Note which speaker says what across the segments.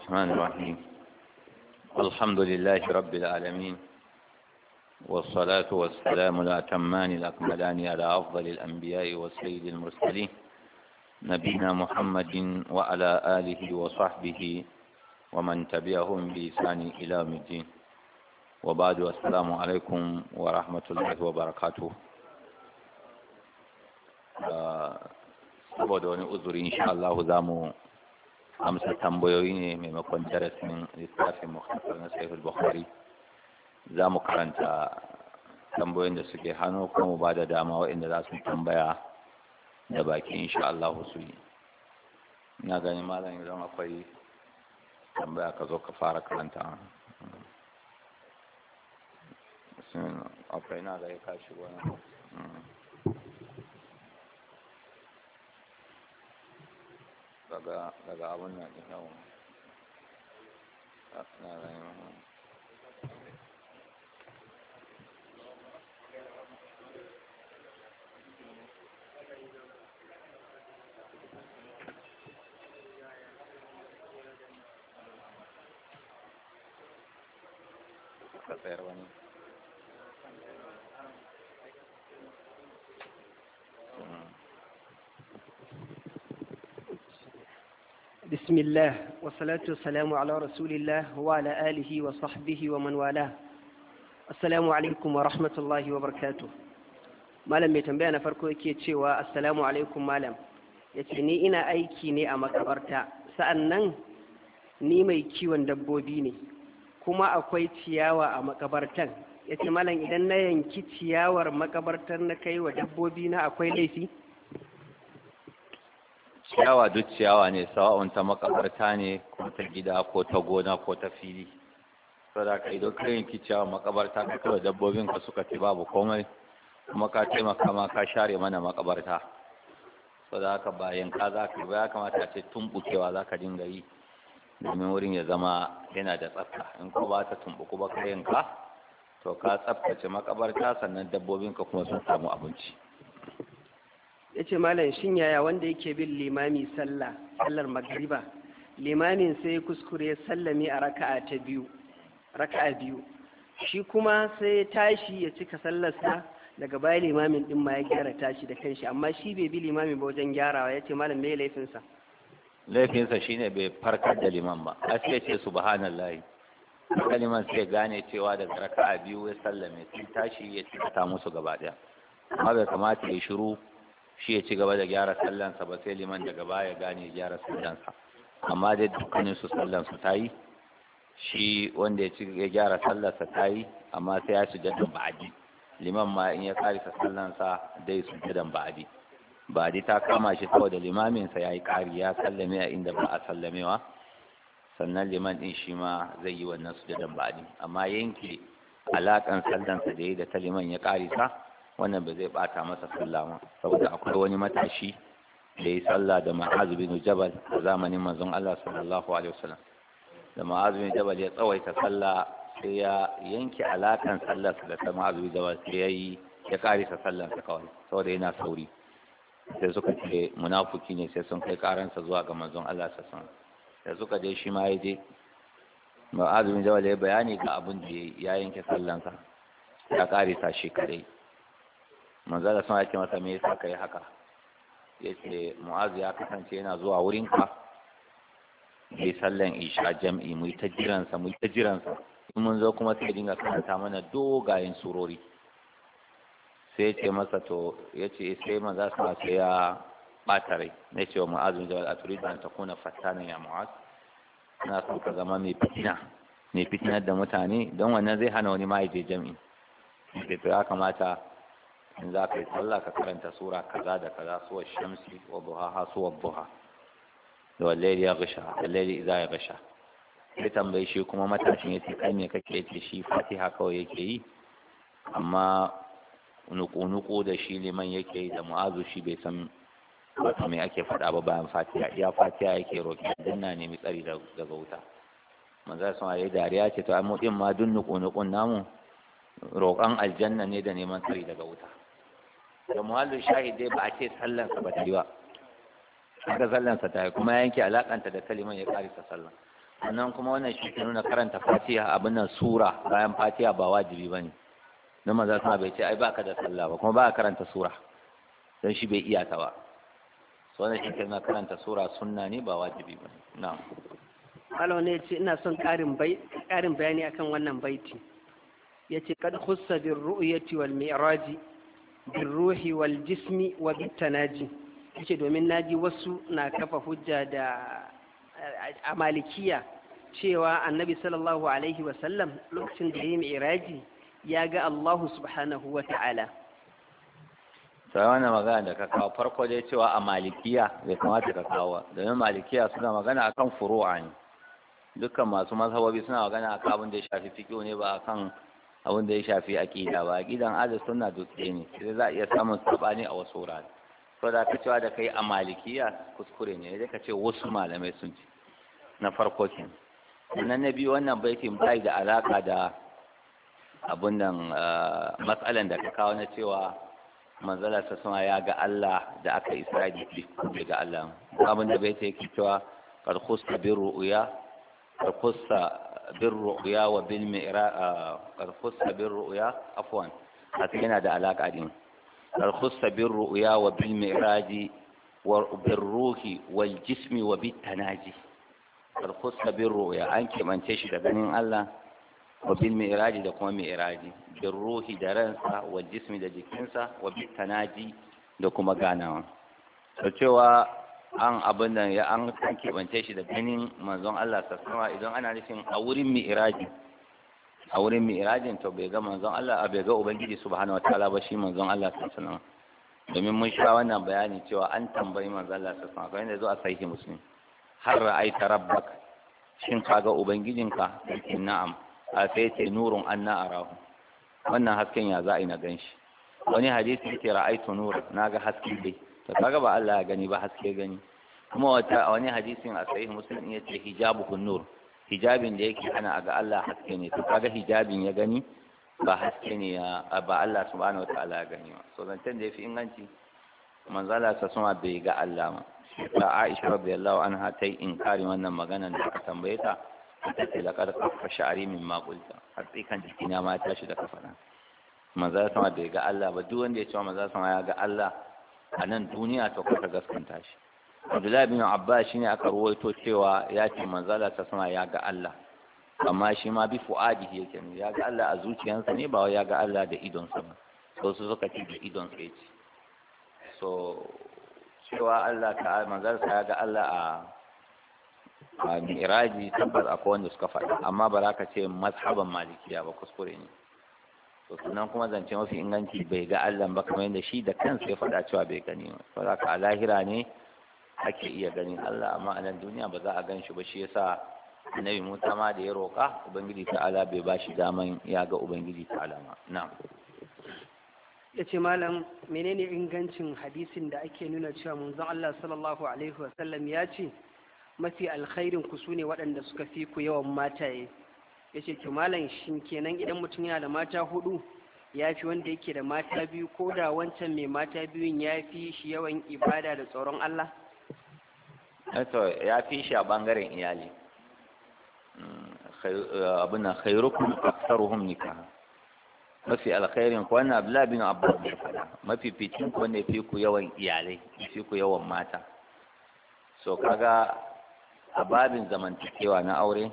Speaker 1: الرحمن الرحيم الحمد لله رب العالمين والصلاة والسلام الأتمان الأكملان على أفضل الأنبياء والسيد المرسلين نبينا محمد وعلى آله وصحبه ومن تبعهم بإسان إلى الدين وبعد السلام عليكم ورحمة الله وبركاته saboda wani uzuri insha Allah za amsa tambayoyi ne maimakon darasin littafin mukhtasar na sahihul bukhari za mu karanta tambayoyin da suke hannu kuma mu ba da dama waɗanda za su tambaya da baki insha Allah su yi ina gani malam idan akwai tambaya ka zo ka fara karanta akwai na ga daga daga abin nan din at na rayuwa Gracias, hermano.
Speaker 2: بسم الله والصلاة والسلام على رسول الله وعلى آله وصحبه ومن والاه السلام عليكم ورحمة الله وبركاته malam mai tambaya na farko yake cewa assalamu alaikum malam ya ce ni ina aiki ne a makabarta sa'annan ni mai kiwon dabbobi ne kuma akwai ciyawa a makabartan ya ce malam idan na yanki ciyawar makabartar na kai wa dabbobi na akwai laifi
Speaker 1: ciyawa duk ciyawa ne sawa'un ta makabarta ne ko ta gida ko ta gona ko ta fili so da ka idan kayan ki ciyawa makabarta ka kawai dabbobin ka suka ci babu komai kuma ka taimaka ma ka share mana makabarta da haka bayan ka za ka ba ya kamata ce tumbukewa za ka dinga yi domin wurin ya zama yana da tsafta in ko ba ta tumbuku ba ka to ka tsaftace makabarta sannan dabbobin ka kuma sun samu abinci ya ce
Speaker 2: malam shin yaya wanda yake bin limami sallah sallar magariba? limamin sai ya kuskure sallami a raka'a ta biyu raka'a biyu shi kuma sai ya tashi ya cika sallarsa daga baya limamin din ma ya gyara tashi da kanshi amma shi bai bi limamin ba wajen gyarawa ya ce malam mai laifinsa
Speaker 1: laifinsa shine bai farkar da liman ba a sai ce subhanallahi kaliman sai gane cewa daga raka'a biyu ya sallame sun tashi ya cika ta musu gaba daya amma bai kamata ya shiru shi ya ci gaba da gyara sallansa ba sai liman daga baya gane gyara sallansa amma dai dukkanin su sallansa ta yi shi wanda ya ci ya gyara sallarsa ta yi amma sai ya sujada ba'adi liman ma in ya sa sallansa dai sujadan ba'adi ba'adi ta kama shi saboda limamin sa yayi kari ya sallame a inda ba a sallamewa sannan liman ɗin shi ma zai yi wannan su sujadan ba'adi amma yanke alaƙan sallansa da ya da ta liman ya karisa wannan ba zai bata masa sallah ba saboda akwai wani matashi da yi sallah da ma'az bin jabal a zamanin manzon Allah sallallahu alaihi wasallam da ma'az bin jabal ya tsawaita sallah sai ya yanke alakan sallar da ta ma'az bin jabal sai ya yi ya karisa sallar sa kawai saboda yana sauri sai suka ce munafuki ne sai sun kai karansa zuwa ga manzon Allah sallallahu alaihi wasallam da suka je shi ma ya je ma'az bin jabal ya bayani ga abin da ya yanke sa ya karisa shi kadai manzala sun ake masa me yasa kai haka yace mu'az ya kasance yana zuwa wurin ka bai sallan isha jam'i mu ta jiransa mu ta jiransa mun zo kuma sai dinga karanta mana dogayen surori sai ya ce masa to ya ce sai manza ya ɓata rai na cewa ma'azin jawar a turi ta kuna fatanin ya mu'az na so ka zama mai fitina mai fitinar da mutane don wannan zai hana wani ma ya je jam'i to ya kamata in za ka yi tsalla ka karanta sura kaza da kaza wa shamsi wa su wa Buha da wallahi ya gasha wallahi idza ya gusha ya tambaye shi kuma matashin yace kai me kake yace shi fatiha kawai yake yi amma nuku-nuku da shi liman yake yi da mu'azu shi bai san wata mai ake faɗa ba bayan fatiha iya fatiha yake roƙi don na nemi tsari daga wuta manzo sun ayi dariya ce to amma din ma dun nuku-nukun namu roƙon aljanna ne da neman tsari daga wuta da muhallin shahidai ba a ce sallansa ba ta yi ba ga sallansa ta yi kuma yanke alakanta da kaliman ya karisa sallan sannan kuma wannan shi ke nuna karanta fatiha abin nan sura bayan fatiha ba wajibi ba ne na maza suna bai ce ai ba ka da sallah ba kuma ba a karanta sura don shi bai iya ta ba su wannan shi ke nuna karanta sura sunna ne ba wajibi ba ne na
Speaker 2: Alo ne ce ina son ƙarin bayani akan wannan baiti yace kad khussa bir ru'yati wal mi'raji بالروح والجسم وبالتناجي yace domin na ji wasu na kafa hujja da a malikiya cewa annabi sallallahu alaihi wasallam lokacin da ya yi mi'raji ya ga Allahu subhanahu wa ta'ala
Speaker 1: sai wannan magana da ka kawo farko dai cewa a malikiya bai kamata ka kawo domin malikiya suna magana akan furu'a ne dukkan masu mazhabobi suna magana akan abin da ya shafi fiqh ne ba akan abin da ya shafi aƙida ba aƙidan ahlus suna dutse ne sai za a iya samun saɓani a wasu wurare da ka cewa da kai a malikiya kuskure ne sai ka ce wasu malamai sun ci na farko ke na na biyu wannan baitin ba da alaƙa da abun nan ah, matsalan da ka kawo na cewa manzala ta suna ya ga Allah da aka isa da ga Allah abin da bai ta yake cewa qad kusa bin ru'uya قرقص بالرؤيا وبالمئراء قرقص بالرؤيا عفوا هتكنا ده علاقة دين قرقص بالرؤيا وبالمئراج وبالروح والجسم وبالتناجي قرقص بالرؤيا أنك من تشد بنين الله وبالمئراج ده كما مئراج بالروح ده رنسا والجسم ده جكنسا وبالتناجي ده كما قانا فالتوى an abin nan ya an keɓance shi da ganin manzon Allah sassama idan ana nufin a wurin mi'iraji a wurin mi'irajin to bai ga manzon Allah a bai ga ubangiji subhanahu wataala ba shi manzon Allah sassama domin mun sha wannan bayani cewa an tambayi manzon Allah sassama kai ne zo a sahihi muslim har ra'aita rabbak shin ka ga ubangijinka sai na'am a sai ce nurun an na arahu wannan hasken ya za'i na ganshi wani hadisi yake ra'aitu nur naga haske dai To kaga ba Allah ya gani ba haske gani kuma wata a wani hadisin a sahih muslim ya ce kun nur hijabin da yake hana ga Allah haske ne to kaga hijabin ya gani ba haske ne ya ba Allah subhanahu wataala ya gani ba so zancen da yafi inganci manzo Allah sa suma bai ga Allah ma ta Aisha radiyallahu anha ta yi inkari wannan magana da aka tambaye ta ta ce laqad qaffa sha'ri min ma qulta har kan jikina ma ya tashi da kafana manzo Allah sama bai ga Allah ba duk wanda ya ce manzo Allah sama ya ga Allah a nan duniya ta kuma gaskanta shi abdullahi bin abbas shine aka ruwaito cewa ya ce manzala ta sama ya ga Allah amma shi ma bi fuadi yake ne ya ga Allah a zuciyarsa ne ba ya ga Allah da sa ba so su suka ce da sa yake so cewa Allah ta manzala ya ga Allah a a miraji tabbas akwai wanda suka faɗa amma ba za ka ce mazhaban malikiya ba kuskure ne to sunan kuma zance mafi inganci bai ga Allah ba kamar yadda shi da kansa ya faɗa cewa bai gani ba ka a lahira ne ake iya ganin Allah amma a nan duniya ba za a gan shi ba shi yasa annabi Musa ma da ya roka ubangiji ta'ala bai ba shi daman ya ga ubangiji ta'ala ma na'am
Speaker 2: ya ce malam menene ingancin hadisin da ake nuna cewa manzon Allah sallallahu alaihi wasallam ya ce mafi alkhairin ku sune waɗanda suka fi ku yawan mataye ya ce to malam kenan idan mutum yana da mata hudu ya fi wanda yake da mata biyu ko da wancan mai mata biyun ya fi shi yawan ibada da tsoron Allah?
Speaker 1: Eh, to ya fi shi a bangaren iyali mm, eh, abin na khairukum aksaruhum nikah mafi alkhairin ku wannan abdullahi bin abu ne fada mafi fitin ku ne fi ku yawan iyalai fi ku yawan mata so kaga a babin zamantakewa na aure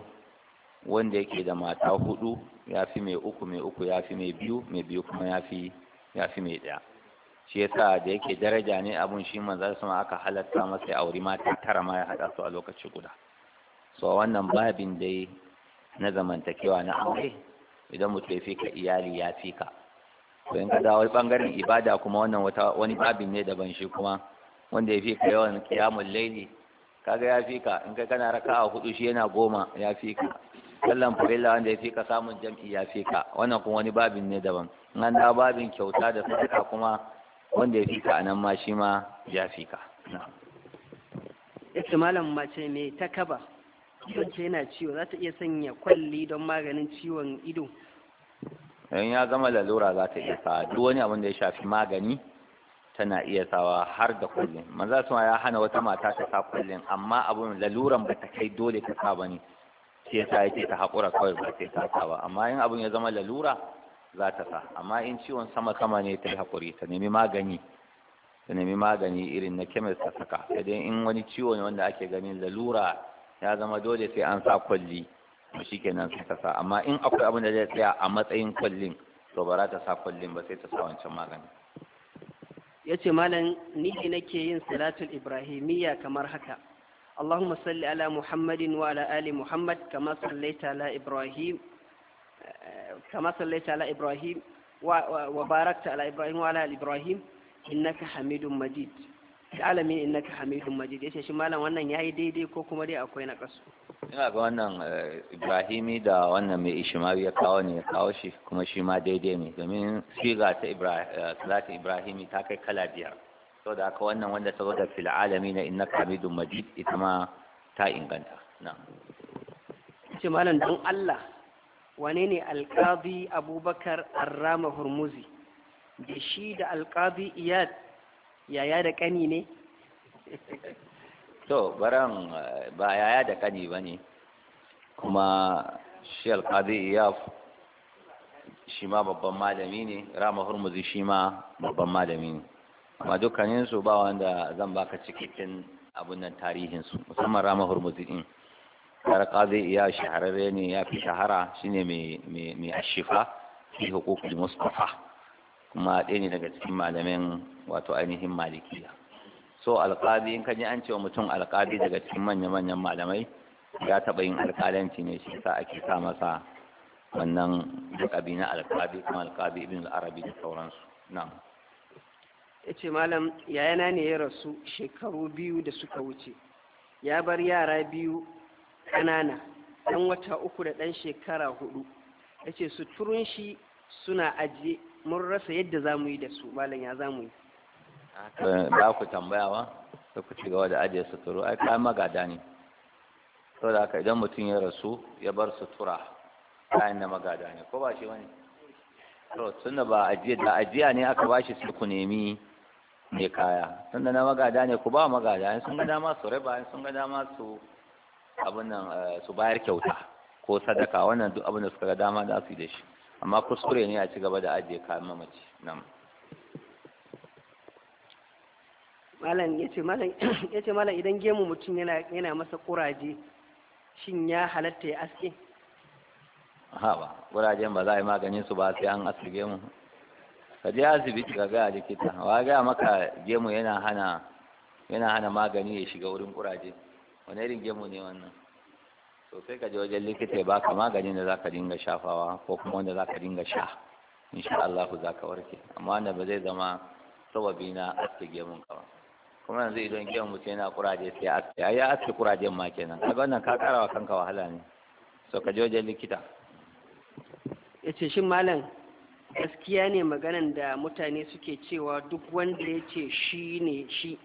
Speaker 1: wanda yake da mata hudu ya fi mai uku mai uku ya fi mai biyu mai biyu kuma ya fi mai ɗaya shi yasa da yake daraja ne abun shi su sama aka halatta masa ya auri mata tara ma ya haɗa su a lokaci guda so wannan babin dai na zamantakewa na aure idan mutum ya fi ka iyali ya fi ka, to in ka dawo bangaren ibada kuma wannan wata wani babin ne daban shi kuma wanda ya fi ka yawan kiyamul laili kaga ya fi ka in kai kana raka'a hudu shi yana goma ya fi ka. sallan farilla wanda ya fi ka samun jam'i ya fi ka wannan kuma wani babin ne daban nan da babin kyauta da sadaka kuma wanda ya fi ka anan ma shi ma ya fi ka
Speaker 2: malam mace ne ta kaba ce yana ciwo za ta iya sanya kwalli don maganin ciwon ido
Speaker 1: in ya zama lalura za ta iya sa duk wani abin da ya shafi magani tana iya sawa har da kullum manzo ya hana wata mata ta sa kullum amma abun laluran ba ta kai dole ta sa bane shi yasa yake ta haƙura kawai ba sai ta sa ba amma in abun ya zama lalura za ta sa amma in ciwon sama sama ne ta yi haƙuri ta nemi magani ta nemi magani irin na kemis ta saka sai in wani ciwo ne wanda ake ganin lalura ya zama dole sai an sa kwalli to shikenan sai ta sa amma in akwai abun da zai tsaya a matsayin kwallin to ba za ta sa kwallin ba sai ta sa wancan magani
Speaker 2: ya malam ni nake yin salatul ibrahimiyya kamar haka اللهم صل على محمد وعلى آل محمد كما صليت على إبراهيم كما صليت على إبراهيم وباركت على إبراهيم وعلى آل إبراهيم إنك حميد مجيد alamin innaka حميد مجيد yace shi malam wannan yayi daidai ko kuma dai akwai na kasu
Speaker 1: ina ga wannan eh, ibrahimi da wannan mai ishmawi ya kawo ne ya kawo shi kuma shi ma daidai ne domin siga ta eh, ibrahimi ta kai kala biyar saboda haka wannan wanda ta zaga fil na Inna hamidum majid ita ma ta inganta na'am
Speaker 2: ce malam dan Allah wane ne alqadi Abubakar Arrama Hurmuzi da shi da alqadi Iyad yaya da kani ne
Speaker 1: to baran ba yaya da kani bane kuma shi alqadi Iyad shi ma babban malami ne Rama Hurmuzi shi ma babban malami ne amma dukkaninsu ba wanda zan baka cikakken abun nan tarihinsu musamman rama hurmuzi din tarka zai iya shahararre ne ya fi shahara shine mai ashifa fi hukukul mustafa kuma ɗaya ne daga cikin malamin wato ainihin malikiya so alƙadi in kaji an cewa mutum alƙadi daga cikin manya-manyan malamai ya taɓa yin alƙalanci ne shi sa ake sa masa wannan da na alƙadi kuma alƙadi ibn al-arabi da sauransu na'am
Speaker 2: ya ce malam yayana ne ya rasu shekaru biyu da suka wuce ya bar yara biyu ƙanana ɗan wata uku da ɗan shekara hudu ya ce turun shi suna ajiye mun rasa yadda za mu yi da su malam ya za mu yi ba
Speaker 1: ku tambaya ba da ku ci gaba da ajiye suturu ai kayan magada ne da haka idan mutum ya rasu ya bar sutura kayan na magada ne ko ba shi wani tunda ba da ajiya ne aka bashi su ku nemi mai kaya tunda na magada ne ku ba magada sun ga dama su raba sun ga dama su abin nan eh, su bayar kyauta ko sadaka wannan duk abin da suka ga dama da su yi da shi amma kuskure ne a ci gaba da ajiye kayan mamaci nan
Speaker 2: malam yace malam yace malam idan gemu mutum yana yana masa kuraje shin ya halatta ya aske
Speaker 1: ha ba kurajen ba za a yi maganin su ba sai an aske gemu ka je asibiti ka ga likita wa ga maka gemu yana hana yana hana magani ya shiga wurin kuraje wani irin gemu ne wannan to sai ka je wajen likita ya baka maganin da zaka dinga shafawa ko kuma wanda zaka dinga sha insha Allah zaka warke amma wanda ba zai zama sababi na aske gemun ka ba kuma yanzu idan gemun mutum yana kuraje sai aske ai ya aske kurajen ma kenan kaga wannan ka karawa kanka wahala ne so ka je wajen likita
Speaker 2: yace shin malam gaskiya ne maganan da mutane suke cewa duk wanda ya ce shi ne shi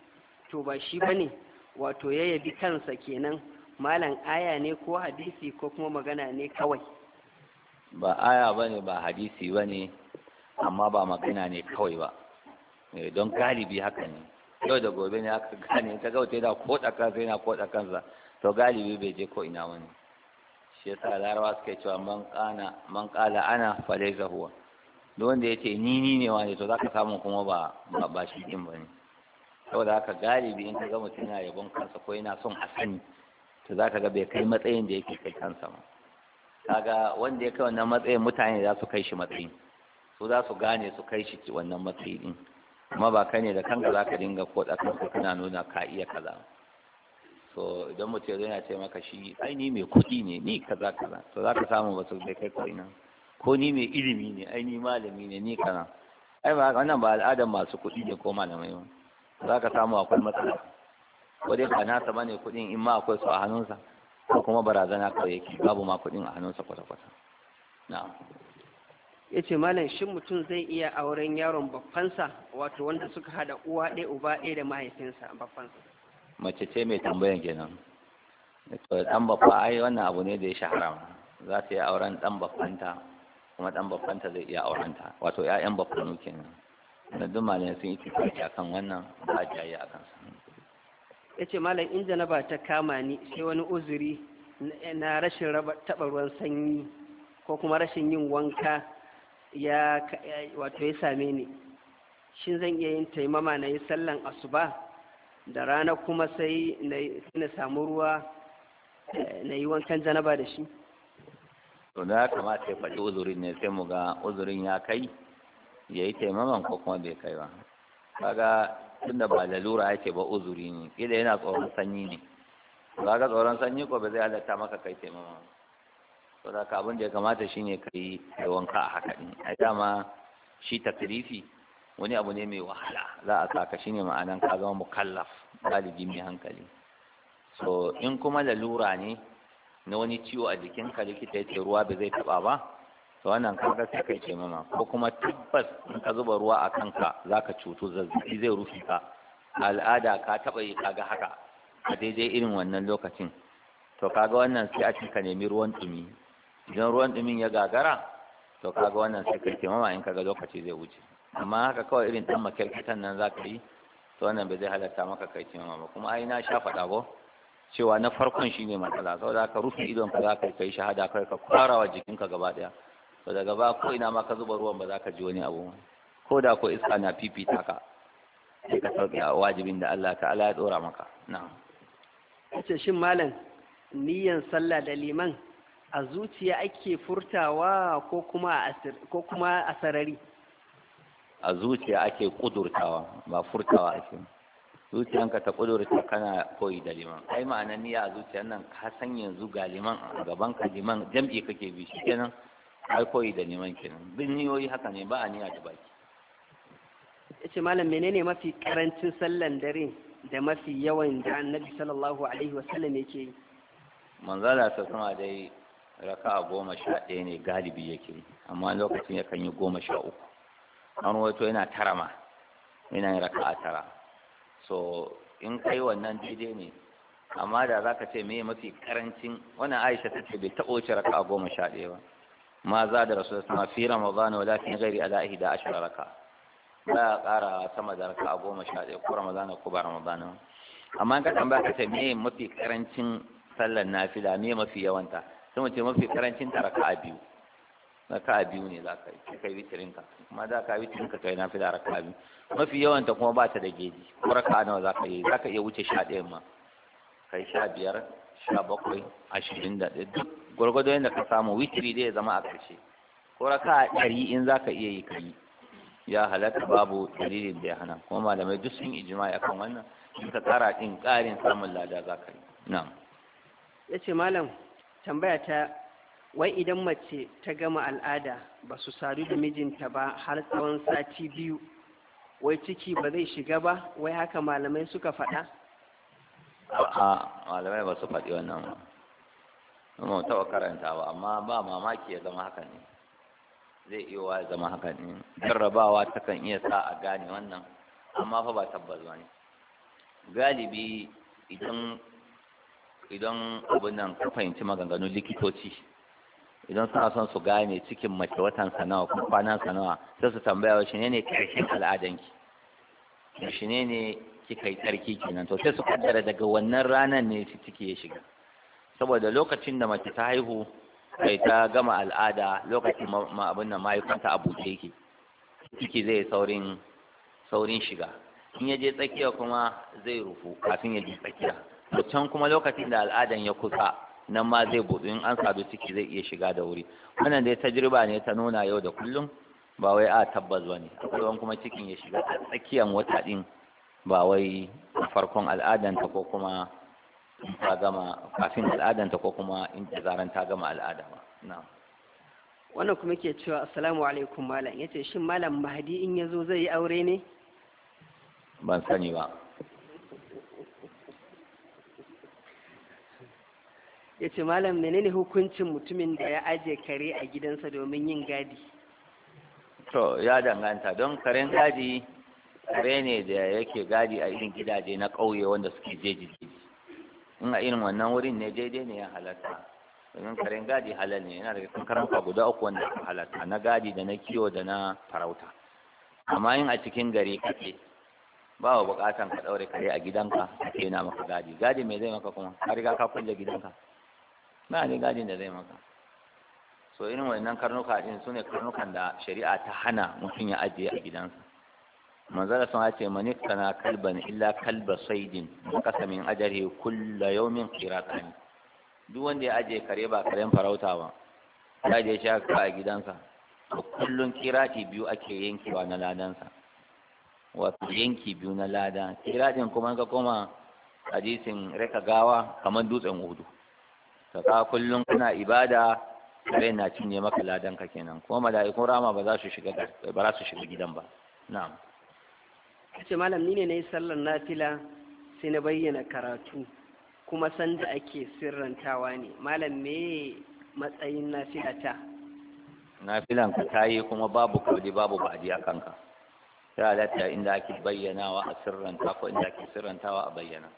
Speaker 2: to ba shi ba ne wato ya yabi kansa kenan malam aya ne ko hadisi ko kuma magana ne kawai
Speaker 1: ba aya ba ne ba hadisi ba ne amma ba magana ne kawai ba eh, don galibi haka ne yau da gobe ne aka gane ta gauta yana koɗa kansa yana koɗa kansa to galibi bai je ko ina wani shi yasa larawa suka cewa man kana man ana falaysa huwa da wanda ya ce ni ni ne wani to za ka samu kuma ba ba shi din ba ne saboda haka galibi in ka ga mutum yana yabon kansa ko yana son a sani to za ka ga bai kai matsayin da yake kai kansa ba kaga wanda ya kai wannan matsayin mutane za su kai shi matsayin su za su gane su kai shi wannan matsayi din kuma ba kai ne da kanka za ka dinga ko da kanka kana nuna ka iya kaza so idan mutum yana ce maka shi ai ni mai kuɗi ne ni kaza kaza to za ka samu ba su bai kai kuɗi na. ko ni mai ilimi ne ai ni malami ne ni kana ai ba wannan ba al'adar masu kuɗi ne ko malamai ba za ka samu akwai matsala ko dai ba nasa bane kuɗin in ma akwai su a hannunsa ko kuma barazana kawai yake babu ma kuɗin a hannunsa kwata-kwata ya ce malam shin mutum
Speaker 2: zai iya auren yaron babbansa wato wanda suka hada uwa ɗaya uba ɗaya da mahaifinsa babbansa
Speaker 1: mace ce mai tambayan kenan to dan babba ai wannan abu ne da ya shahara za ta yi auren dan babbanta kuma dan babbanta zai iya aurenta wato ƴaƴan babbanu kenan na duk malamai sun yi tafi kan wannan ba a jayi kansa
Speaker 2: ya yace malam in janaba ta kama ni sai wani uzuri na rashin raba taɓa ruwan sanyi ko kuma rashin yin wanka ya wato ya same ni shin zan iya yin taimama na yi sallan asuba da rana kuma sai na samu ruwa eh, na yi wankan janaba da
Speaker 1: shi to da kamata ya faɗi uzuri ne sai mu ga uzurin ya kai ya yi taimaman ko kuma bai kai ba kaga tunda ba lalura yake ba uzuri ne kila yana tsoron sanyi ne ka tsoron sanyi ko ba zai halatta maka kai taimaman to da ka abin da ya kamata shi ne kai da wanka a haka ne a dama shi takrifi wani abu ne mai wahala za a saka shi ne ma'anan ka zama mukallaf galibi mai hankali so in kuma lalura ne na wani ciwo a jikinka likita ya ce ruwa ba zai taba ba to wannan ga sai kai ce mama ko kuma tabbas in ka zuba ruwa a kanka zaka cutu zazzabi zai rufe ka al'ada ka taba yi kaga haka a daidai irin wannan lokacin to kaga wannan sai a ce ka nemi ruwan dumi idan ruwan dumin ya gagara to kaga wannan sai kai ce mama in kaga lokaci zai wuce amma haka kawai irin dan makarkatan nan zaka yi to wannan ba zai halatta maka kai ce mama ba kuma ai na sha fada go cewa na farkon shi ne matsala sau da ka rufe idon ka za ka kai shahada kai ka fara wa jikinka gaba daya sau da gaba ko ina ma ka zuba ruwan ba za ka ji wani abu ko da ko iska na fifita ka sai ka sauke a wajibin da Allah ta Allah ya dora maka na'am
Speaker 2: ce shin malam niyan sallah da liman a zuciya ake furtawa ko kuma a sarari
Speaker 1: a zuciya ake kudurtawa ba furtawa ake zuciyanka ta kudurta kana koyi da liman ai ma'anar niyya a zuciyar nan ka san yanzu ga liman a gaban ka liman jam'i kake bi shi kenan ai koyi da liman kenan bin niyoyi haka ne ba a niyya da baki
Speaker 2: yace malam menene mafi karancin sallan dare da mafi yawan da annabi sallallahu alaihi wa sallam yake yi
Speaker 1: manzala ta sama dai raka'a goma sha ɗaya ne galibi yake amma lokacin yakan yi goma sha uku an wato yana tara ma yana yin raka'a tara so in kai wannan daidai ne amma da za ka ce me mafi karancin wannan aisha ta ce bai taɓa wuce raka a goma sha ɗaya ba ma za da rasu da sama fi ramadan wala fi a ala da ashirin raka za a ƙara sama da raka a goma sha ɗaya ko ramadan ko ba ramadan amma in ka tambaya ka ce me mafi karancin sallar nafila me mafi yawanta sai mu ce mafi karancin ta raka a biyu Na raka biyu ne za ka yi kai witirinka kuma za ka yi witirinka kai na fi da ka biyu mafi yawan ta kuma ba ta da geji ko raka nawa za ka yi za ka iya wuce sha ɗaya ma kai sha biyar sha bakwai ashirin da ɗaya duk gwargwado yadda ka samu witiri dai ya zama a ƙarshe ko raka ɗari in za ka iya yi ka ya halatta babu dalilin da ya hana kuma malamai duk sun ijima akan wannan in ka ƙara ɗin ƙarin samun lada za ka yi na'am ya malam tambaya
Speaker 2: ta wai idan mace ta gama al'ada ba su sadu da mijinta ba har tsawon sati biyu wai ciki ba zai shiga ba wai haka malamai suka faɗa?
Speaker 1: a malamai ba su faɗi wannan ba taɓa karanta ba amma ba mamaki ya zama haka ne zai iya wa zama haka ne jarrabawa takan iya sa a gane wannan amma fa ba tabbas ba ne galibi idan idan abin nan ka fahimci maganganun likitoci idan suna son su gane cikin mace watan sanawa kuma kwanan sanawa sai su tambaya wa shine ne karshen al'adanki shine ne kika yi tsarki kenan to sai su kaddara daga wannan ranar ne su ciki ya shiga saboda lokacin da mace ta haihu kai ta gama al'ada lokacin ma abin nan mahaifanta a buce yake ciki zai saurin saurin shiga in ya je tsakiya kuma zai rufu kafin ya je tsakiya to can kuma lokacin da al'adan ya kusa nan ma zai buɗu in an sadu ciki zai iya shiga da wuri wannan dai tajriba ne ta nuna yau da kullum ba wai a tabbas ba ne akwai kuma cikin ya shiga a tsakiyar wata ɗin ba wai farkon al'adanta ko kuma ta gama kafin al'adanta ko kuma in ta zaran ta gama al'ada ba na'am
Speaker 2: wannan kuma ke cewa assalamu alaikum malam yace shin malam mahdi in yazo zai yi aure ne
Speaker 1: ban sani ba
Speaker 2: ya ce malam menene hukuncin mutumin da ya aje kare a gidansa domin yin gadi
Speaker 1: to ya danganta don karen gadi kare ne da yake gadi a irin gidaje na ƙauye wanda suke jeji in a irin wannan wurin ne daidai ne ya halatta domin karen gadi halal ne yana daga kan guda uku wanda ka halatta na gadi da na kiwo da na farauta amma yin a cikin gari kake ba wa bukatan ka ɗaure kare a gidanka ka na maka gadi gadi mai zai maka kuma ka riga ka kulle gidanka ba ne gadin da zai maka so irin wannan karnuka din sune karnukan da shari'a ta hana mutum ya ajiye a gidansa manzara sun ce mani kana kalban illa kalba saidin kasa min ajare kulla yawmin qiratani duk wanda ya ajiye kare ba karen farauta ba ya je shi a gidansa to kullun kirati biyu ake yankewa na ladansa wato yanki biyu na lada kiratin kuma ka koma hadisin reka gawa kamar dutsen hudu saka kullum kuna ibada rai na cinye maka ladan ka kenan kuma mala'ikun rama ba za su shiga ba za su shiga gidan ba na'am
Speaker 2: kace malam ni ne nayi sallar nafila sai na bayyana karatu kuma sanda ake sirrantawa ne malam me matsayin nafila ta
Speaker 1: nafilan ka tayi kuma babu kaudi babu badi a kanka ta halatta inda ake bayyanawa a sirranta ko inda ake sirrantawa a bayyana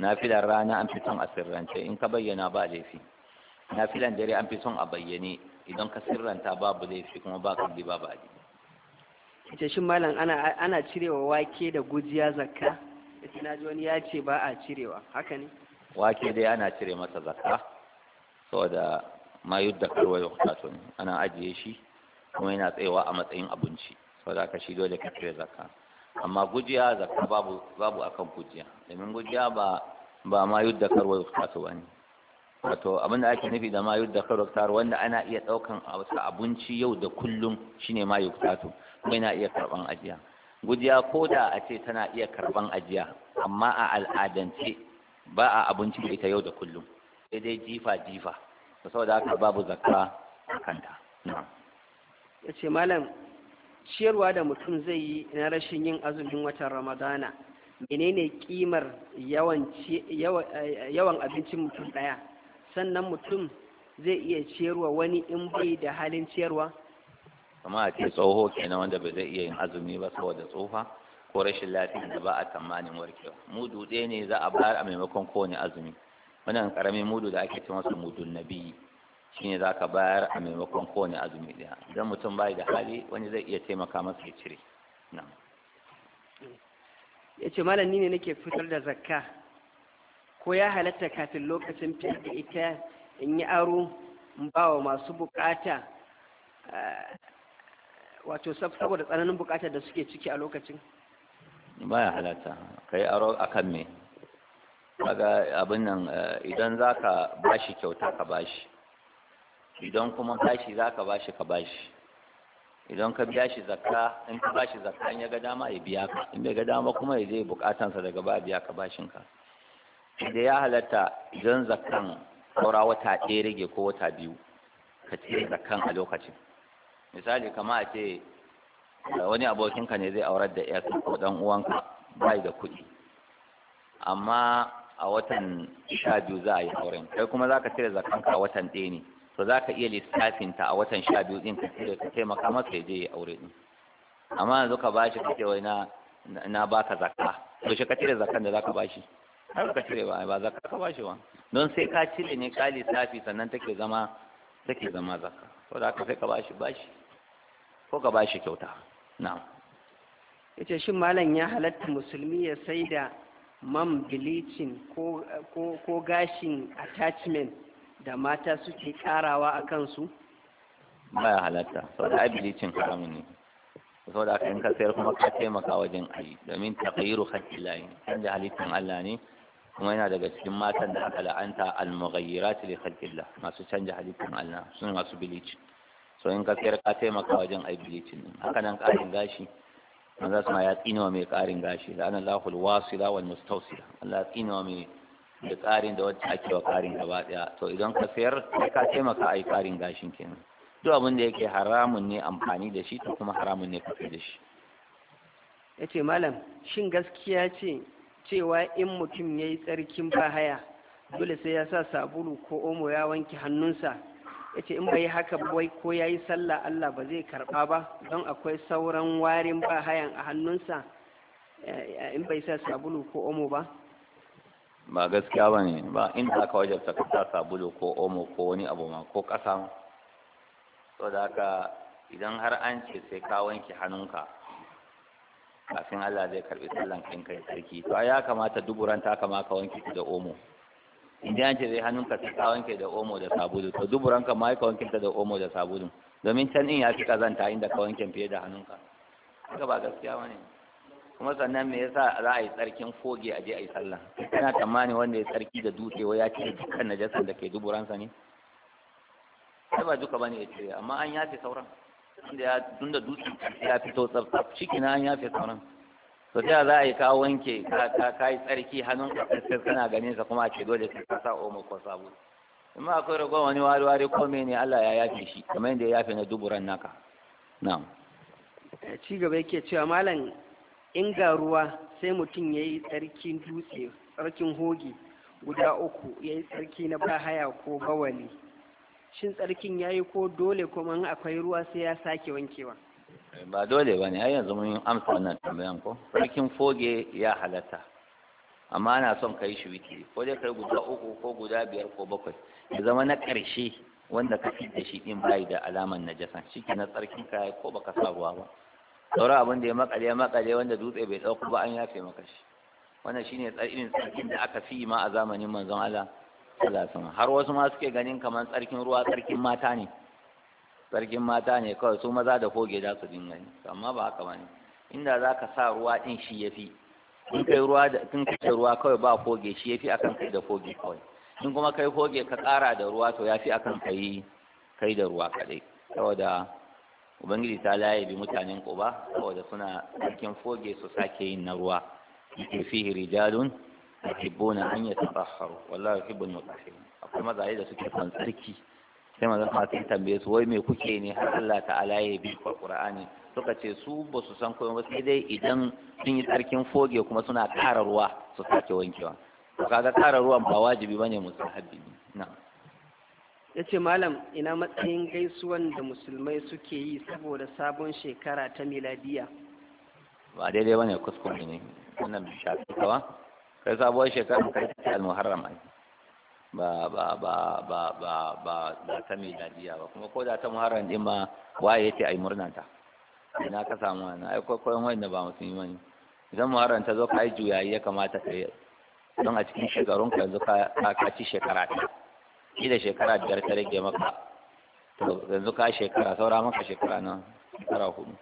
Speaker 1: nafilan rana an fi son a sirrance in ka bayyana ba laifi nafilan dare an fi son a bayyane idan ka sirranta babu laifi kuma ba kalli ba ba
Speaker 2: ita shi malam ana cirewa wake da gujiya zakka ita ji wani ya ce ba a cirewa haka ne
Speaker 1: wake dai ana cire masa zakka saboda ma yudda karwa tuni, ana ajiye shi kuma yana tsayawa a matsayin abinci saboda aka shi dole ka cire zakka amma gujiya zakka babu babu akan gujiya domin gujiya ba ba ma yudda karwa ba ne. wato abinda ake nufi da ma yudda karwa zakatu wanda ana iya daukan abinci yau da kullum shine ma yuktatu kuma yana iya karban ajiya gujiya ko da a ce tana iya karban ajiya amma a al'adance ba a abinci ita yau da kullum sai dai jifa jifa saboda haka babu zakka kanta
Speaker 2: ya ce malam ciyarwa da mutum zai yi na rashin yin azumin watan ramadana menene kimar yawan eh, abincin mutum daya sannan mutum zai iya ciyarwa wani in bai da halin ciyarwa
Speaker 1: kama a ce tsoho kenan wanda bai zai iya yin azumi ba saboda tsofa ko rashin lafiya da ba a tsammanin warkewa mudu ɗaya ne za a bayar a maimakon kowane azumi wannan karamin mudu da ake cin wasu mudun nabi shine za ka bayar a maimakon kowane azumi ɗaya idan mutum bai da hali wani zai iya taimaka masa ya cire
Speaker 2: ya ce malam ni ne nake fitar da zakka ko ya halatta kafin lokacin fiye da ita in yi aro in ba wa masu bukata eh, wato saboda tsananin bukata da suke ciki a lokacin
Speaker 1: ba ya halatta yi aro akan me kaga abin nan eh, idan za zaka bashi kyauta ka ba shi idan kuma bashi za ka bashi ka bashi idan ka biya shi zakka in ka bashi zakka in ya ga dama ya biya ka in bai ga dama kuma ya je bukatansa daga ba biya ka bashin ka idan ya halatta idan zakkan saura wata ɗaya rage ko wata biyu ka cire zakkan a lokacin misali kama a ce eh, wani abokinka ne zai aurar da ƴar ko dan ka ba da kuɗi amma a watan sha biyu za a yi auren kai kuma za ka cire zakkan ka a watan ɗaya ne to za ka iya lissafinta a watan sha biyu ɗin ka taimaka masa ya je ya aure ɗin amma yanzu ka ba shi ka ce wai na ba baka zaka to shi ka cire zakan da za ba bashi har ka cire ba ba zaka ka bashi ba don sai ka cire ne ka lissafi sannan take zama take zama zaka to da ka sai ka bashi bashi ko ka bashi kyauta na'am
Speaker 2: yace shin malam ya halatta musulmi ya saida man bleaching ko ko ko gashin attachment da mata suke karawa a kansu
Speaker 1: ba ya halatta sau da abili cin haramun ne sau da aka ka sayar kuma ka taimaka wajen ayi domin ta taƙayiru hakkilayi canza halittar Allah ne kuma yana daga cikin matan da aka la'anta al-mughayyirat li khalqillah masu canja halittar Allah sune masu bilici so in ka sayar ka taimaka wajen ayi bilicin din haka nan ƙarin gashi manzo sama ya tsinewa mai ƙarin gashi la'ana Allahu al-wasila wal mustawsila Allah ya tsinewa mai da ƙarin da wacce ake wa ƙarin gaba ɗaya to idan ka sayar ka taimaka a yi ƙarin gashin kenan duk abin da yake haramun ne amfani da shi to kuma haramun ne kafi da
Speaker 2: shi ya malam shin gaskiya ce cewa in mutum ya yi tsarkin bahaya dole sai ya sa sabulu ko omo ya wanke hannunsa ya in bai haka wai ko ya yi sallah allah ba zai karɓa ba don akwai sauran warin bahayan a hannunsa eh, in bai sa sabulu ko omo ba
Speaker 1: ba gaskiya ba ne ba inda aka wajabta ka sa sabulu ko omo ko wani abu ma ko ƙasa so da haka idan har an ce sai ka wanke hannunka kafin Allah zai karɓi sallan kin kai sarki to ya kamata duburan ta kama ka wanke da omo idan an ce zai hannunka sai ka wanke da omo da sabulu to duburan ka ma ka wanke ta da omo da sabulu domin can din ya fi kazanta inda ka wanke fiye da hannunka haka ba gaskiya ba ne kuma sannan me yasa za a yi tsarkin foge a je a yi sallah ina tsammani wanda ya tsarki da dutse wa ya ce dukkan najasan da ke duburansa ne sai ba duka bane ya ce amma an yafe sauran tunda ya tunda dutse ya fito tsaf ciki na an yafe sauran to sai za a yi kawo wanke ka yi tsarki hannun ka sai kana ganin sa kuma a ce dole sai ka sa omo ko sabu amma akwai rago wani wari wari ko ne Allah ya yafe shi kamar yadda ya yafe na duburan naka na'am eh,
Speaker 2: ci gaba yake cewa malam in ga ruwa sai mutum ya yi tsarkin dutse tsarkin hoge guda uku ya yi tsarki na bahaya ko bawali shin tsarkin ya yi ko dole kuma akwai ruwa sai ya sake wankewa
Speaker 1: eh, ba dole ba ne har yanzu mun amsa wannan tambayan ko Tsarkin foge ya halatta amma ana son ka yi shi wiki ko dai kai guda uku ko guda biyar ko bakwai ya zama na ƙarshe wanda ka fi da shi in bai da alaman najasa shi ke na tsarkin ka ko baka sa ruwa ba sauran abin da ya makale makale wanda dutse bai dauko ba an yafe maka shi wannan shine irin tsarkin da aka fi ma a zamanin manzon Allah sallallahu alaihi wasallam har wasu ma suke ganin kamar tsarkin ruwa tsarkin mata ne tsarkin mata ne kawai su maza da koge za su dinga ne amma ba haka bane inda za ka sa ruwa din shi yafi in kai ruwa da kin kace ruwa kawai ba koge shi yafi akan kai da koge kawai in kuma kai koge ka kara da ruwa to yafi akan kai kai da ruwa kadai saboda ubangiji ta layabi mutanen quba saboda suna cikin foge su sake yin na ruwa fihi rijalun yuhibbuna an yatatahharu wallahi yuhibbul mutahhirin akwai mazaje da suke son tsarki sai manzon Allah sai tambaye su wai me kuke ne har Allah ta alaye bi ku Qur'ani suka ce su ba su san komai ba sai dai idan sun yi tsarkin foge kuma suna ƙara ruwa su sake wankewa kaga ƙara ruwan ba wajibi bane mustahabbi na'am ya ce
Speaker 2: malam ina matsayin gaisuwan da musulmai suke yi saboda sabon shekara ta miladiya
Speaker 1: ba daidai bane kuskure ne wannan shafi kawa kai sabuwar shekara kai ta ce muharram ai ba ba ba ba ba ba da ta miladiya ba kuma ko da ta muharram din ma waye yace ai murnanta ina ka samu wannan ai koyon wanda ba musulmi bane idan muharram ta zo kai juyayi ya kamata kai don a cikin shekarun ka yanzu ka ka ci shekara ta shi da shekara biyar ta rage maka yanzu ka shekara saura maka shekara nan shekara hudu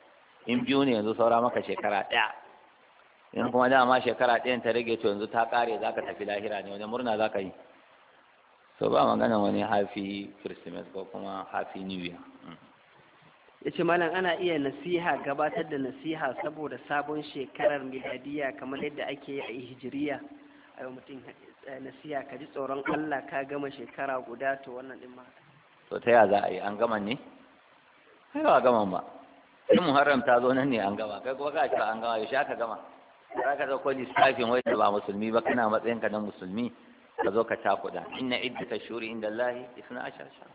Speaker 1: in biyu ne yanzu saura maka shekara ɗaya in kuma dama shekara ɗayan ta rage to yanzu ta ƙare za ka tafi lahira ne wani murna za ka yi so ba magana wani hafi christmas ko kuma hafi new year mm. ya ce malam ana iya nasiha gabatar da
Speaker 2: nasiha saboda sabon shekarar miladiya kamar yadda ake yi a hijiriya a yau mutum haɗe nasiya ka ji tsoron Allah ka gama shekara guda to wannan din ma
Speaker 1: to ta ya za a yi an gama ne kai ba gama ba in muharram ta zo nan ne an gama kai kuma ka ce an gama yaushe aka gama za ka dauko lissafin wai da ba musulmi ba kana matsayin ka na musulmi ka zo ka kuɗa inna iddata shuri inda Allahi isna ashar shasha.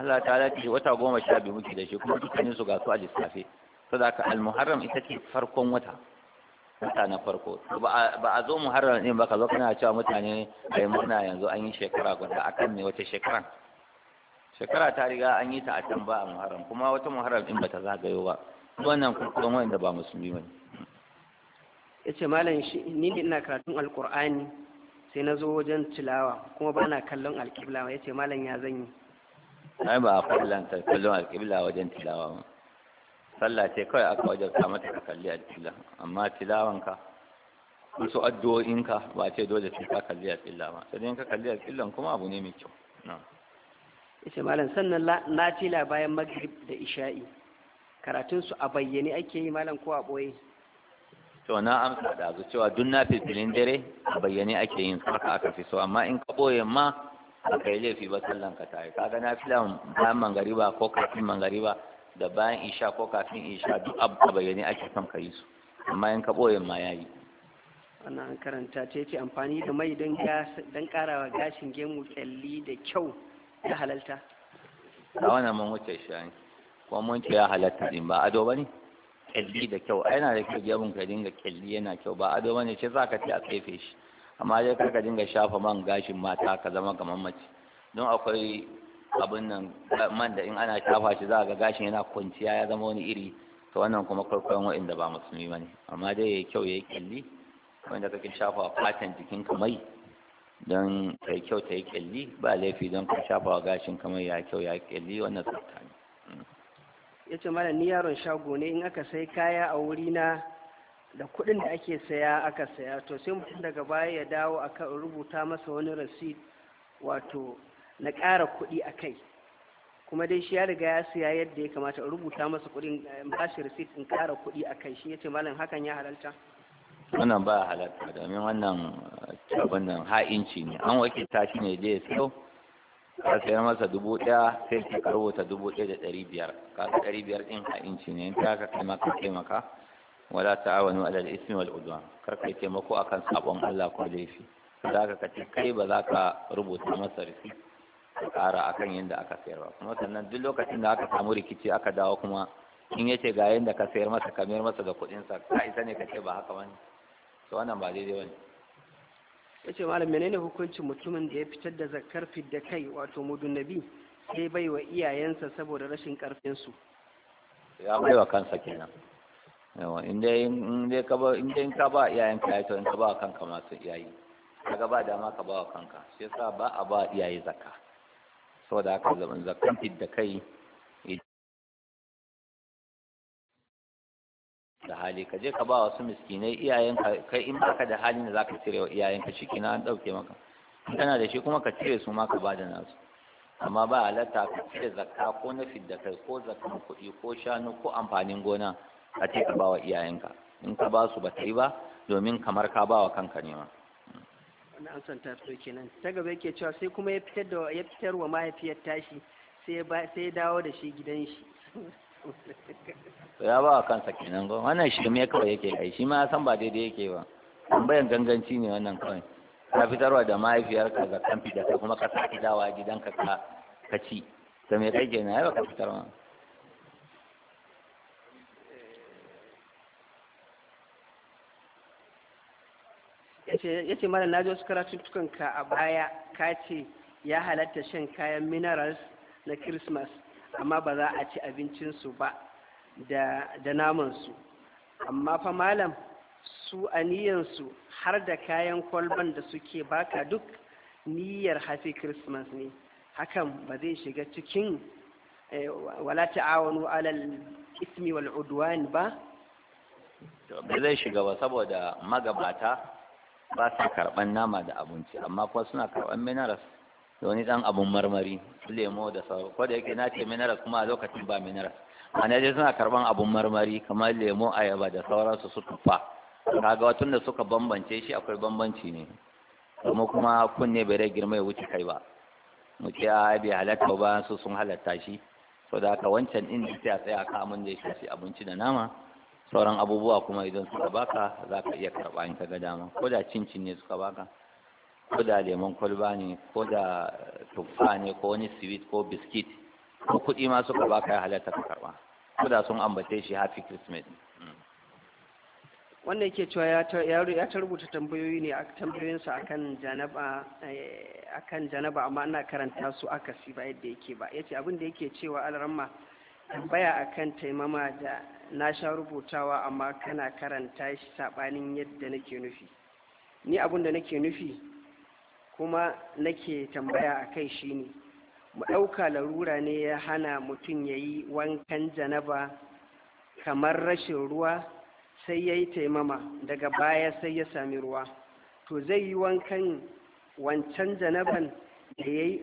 Speaker 1: Allah ta lati wata goma sha biyu muke da shi kuma dukkanin su ga su a lissafe saboda al-muharram ita ce farkon wata wata na farko ba a zo mu har ne ba ka zo kana cewa mutane a yi murna yanzu an yi shekara guda a kan ne wace shekaran shekara ta riga an yi ta a can ba a muharram kuma wata muharram ɗin ba ta zagayo ba wannan kuma wanda ba musulmi ba ne ya ce malam shi ni ne ina karatun alkur'ani
Speaker 2: sai na zo wajen tilawa kuma ba na kallon alƙibla ya ce malam ya zan yi
Speaker 1: ai ba a kallon alƙibla wajen tilawa ba sallah ce kawai aka wajarta mata ka kalli alƙilla amma tilawanka musu addu'o'inka ba ce dole sai ka kalli alƙilla ba sai ka kalli alƙillan kuma abu ne mai kyau
Speaker 2: yace malam sannan na fila bayan magrib da isha'i karatun su a bayyane ake yi malam ko a boye
Speaker 1: to na amsa da su cewa duk na filfilin dare a bayyane ake yin saka aka fi so amma in ka boye ma aka yi laifi ba sallan ka tare kaga na fila bayan mangariba ko kafin mangariba da bayan isha ko kafin isha duk abu bayyane ake son ka yi su amma in ka ɓoye ma ya yi
Speaker 2: wannan an karanta ta yace amfani da mai don karawa gashin gemu kyalli da kyau ya halalta
Speaker 1: a wannan mun wuce shi ne kuma mun ce ya halatta din ba ado bane kyalli da kyau ai na da kyau gemun ka dinga kyalli yana kyau ba ado bane ce zaka ci a tsefe shi amma dai ka dinga shafa man gashin mata ka zama kamar mace don akwai abin nan man da in ana shafa shi za a ga gashin yana kwanciya ya zama wani iri to wannan kuma kwaikwayon waɗanda ba musulmi ba ne amma dai ya kyau ya yi kyalli wanda kake shafa fatan jikin kamai don ta yi kyau ta yi kyalli ba laifi don ka shafa wa gashin mai ya kyau ya kyalli wannan tsafta ne mm.
Speaker 2: ya ce mana ni yaron shago ne in aka sai kaya a wuri na da kuɗin da ake saya aka saya to sai mutum daga baya ya dawo aka rubuta masa wani rasid wato na ƙara kuɗi a kai kuma dai shi ya riga ya siya yadda ya kamata a rubuta masa kuɗin bashi receipt in ƙara kuɗi a kai shi ya ce malam hakan ya halalta
Speaker 1: wannan ba halalta domin wannan wannan ha'inci ne an wakilta shi ne dai sau ka sayar masa dubu ɗaya sai ka karwata dubu ɗaya da ɗari biyar ka ɗari biyar ɗin ha'inci ne in ta ka taimaka taimaka wala ta'awanu ala al-ismi wal udwan kar ka taimako akan sabon Allah ko laifi za ka kace kai ba za ka rubuta masa receipt ka ƙara akan yadda aka sayar ba kuma sannan duk lokacin da aka samu rikici aka dawo kuma in ya ce ga yadda ka sayar masa ka mayar masa da kuɗinsa ka isa ne ka ce ba haka wani to wannan ba daidai wani
Speaker 2: ya ce malam menene hukuncin mutumin da ya fitar da zakar fidda kai wato mudun nabi sai bai wa iyayensa saboda rashin ƙarfinsu.
Speaker 1: ya bai wa kansa kenan yawa in in dai ka ba in ka ba iyayen ka to in ka ba kanka ma su iyayi kaga ba dama ka ba wa kanka shi yasa ba a ba iyaye zakka saboda haka zaman zakan da kai da hali ka je ka ba wasu miskinai iyayenka kai in baka da halin da zaka cire wa iyayenka shiki na an dauke maka kana da shi kuma ka cire su ma ka bada nasu amma ba halatta ka cire zakka ko na da kai ko zakkan kuɗi ko shanu ko amfanin gona a ce ka ba wa iyayenka in ka ba su ba ta yi ba domin kamar ka ba wa kanka ne
Speaker 2: wannan amsan ta fito kenan ta gaba yake cewa sai kuma ya fitar da ya fitar wa mahaifiyar tashi sai ba sai dawo da shi gidan shi
Speaker 1: ya ba kansa kenan ba wannan shi me kawai yake ai shi ma san ba daidai yake ba tambayan ganganci ne wannan kawai ka fitarwa da ka ga da kai kuma ka saki dawa gidanka ka ka ci ta me kai kenan ya ba ka fitarwa
Speaker 2: ya ce mara na ji wasu karatuttukanka a baya ka ce ya halatta shan kayan minerals na christmas amma ba za a ci abincinsu ba da namansu amma fa malam su a aniyansu har da kayan kwalban da suke baka duk niyyar hafi christmas ne hakan ba zai shiga cikin eh, wala ta'awanu alal ismi wal udwan ba
Speaker 1: ba zai shiga ba saboda magabata ba sa karɓan nama da abinci amma kuwa suna karɓan minaras. da wani ɗan abun marmari lemo da sauran ko da yake na ce minaras kuma a lokacin ba minaras ana dai suna karɓan abun marmari kamar lemo ayaba da sauransu su Ka ga watan da suka bambance shi akwai bambanci ne kuma kuma kunne bai rai girma ya wuce kai ba mu ce a bai halatta ba su sun halatta shi saboda haka wancan ɗin sai a tsaya kamun da ya shafi abinci da nama sauran abubuwa kuma idan suka baka za ka iya karɓa in ka ga dama ko da cincin ne suka baka ko da lemon kwalba ne ko da tuffa ne ko wani sweet ko biskit ko kuɗi ma suka baka ya halatta ka karɓa ko da sun ambace shi happy christmas
Speaker 2: wannan yake cewa ya ta rubuta tambayoyi ne tambayoyinsa akan janaba eh, akan janaba amma ana karanta su akasi ba yadda yake ba yace abin da yake cewa alramma tambaya akan taimama da na sha rubutawa amma kana karanta shi saɓanin yadda nake nufi ni abin da nake nufi kuma nake tambaya a kai shi ne mu ɗauka larura ne ya hana mutum ya yi wankan janaba kamar rashin ruwa sai ya yi taimama daga baya sai ya sami ruwa to zai yi wankan wancan janaban da ya yi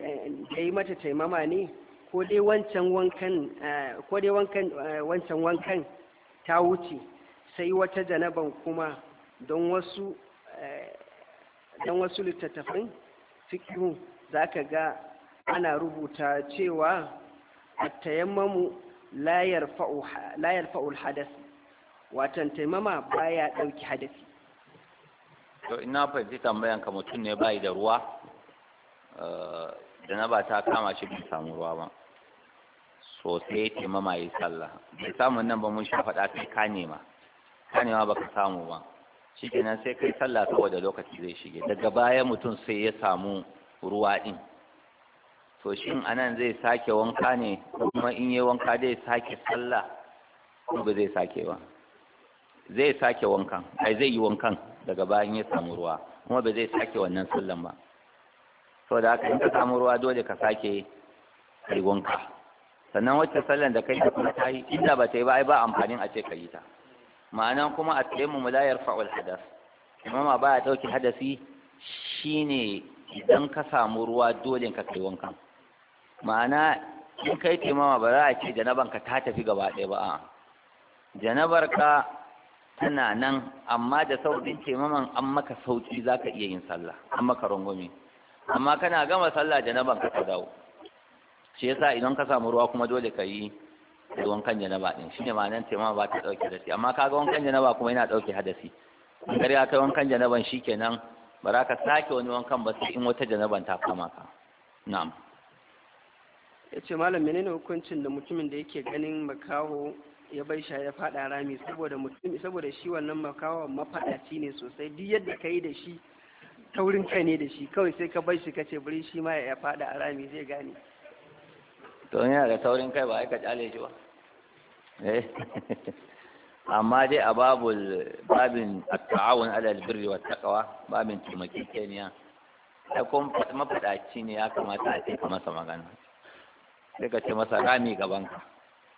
Speaker 2: eh, mata taimama ne ko dai wancan wankan eh, eh, wancan wankan ta wuce sai wata janaban kuma don wasu eh, don wasu littattafan fikihu ga ana rubuta cewa a tayammamu layar fa'ul watan taimama baya ɗauki hadasi
Speaker 1: to ina fahimci tambayan ka mutum ne bai da ruwa da na ba ta kama shi bai samu ruwa ba sosai sai ya ce mama yi sallah bai samu nan ba mun sha faɗa sai ka nema ka nema ba ka samu ba shi kenan sai kai sallah saboda lokaci zai shige daga baya mutum sai ya samu ruwa ɗin to shin anan zai sake wanka ne kuma in yi wanka zai sake sallah ko ba zai sake ba zai sake wankan ai zai yi wankan daga bayan ya samu ruwa kuma ba zai sake wannan sallan ba saboda haka in ka samu ruwa dole ka sake kai wanka sannan wacce sallan da kai da kuma ta yi illa ba ta yi ba ai ba amfanin a ce ka yi ta Ma'ana kuma a tsaye mu la hadas imama baya dauki hadasi shine idan ka samu ruwa dole ka kai wanka. ma'ana in kai taimama ba za a ce janabar ka ta tafi gaba ɗaya ba janabar ka tana nan amma da sauƙin taimaman an maka sauƙi za ka iya yin sallah an maka rungumi amma kana gama sallah janaban ka ta dawo shi yasa idan ka samu ruwa kuma dole ka yi ruwan wankan janaba din shine ma'anar taimama ba ta dauke hadasi amma kaga wankan janaba kuma yana dauke hadasi in ya kai wankan janaban shikenan ba za ka sake wani wankan ba sai in wata janaban ta kama ka na'am ya
Speaker 2: ce malam menene hukuncin da mutumin da yake ganin makaho ya bai sha ya fada rami saboda mutum saboda shi wannan makaho mafadaci ne sosai duk yadda ka yi da shi taurin kai ne da shi kawai sai ka bai shi ka ce bari shi ma ya fada a rami zai gane
Speaker 1: to yana da saurin kai ba aika kyale shi ba eh. amma dai a babul babin ta'awun alal birri wa taqwa babin Kenya, da kuma mafadaci ne ya kamata a ce masa magana sai ka ce masa rami gabanka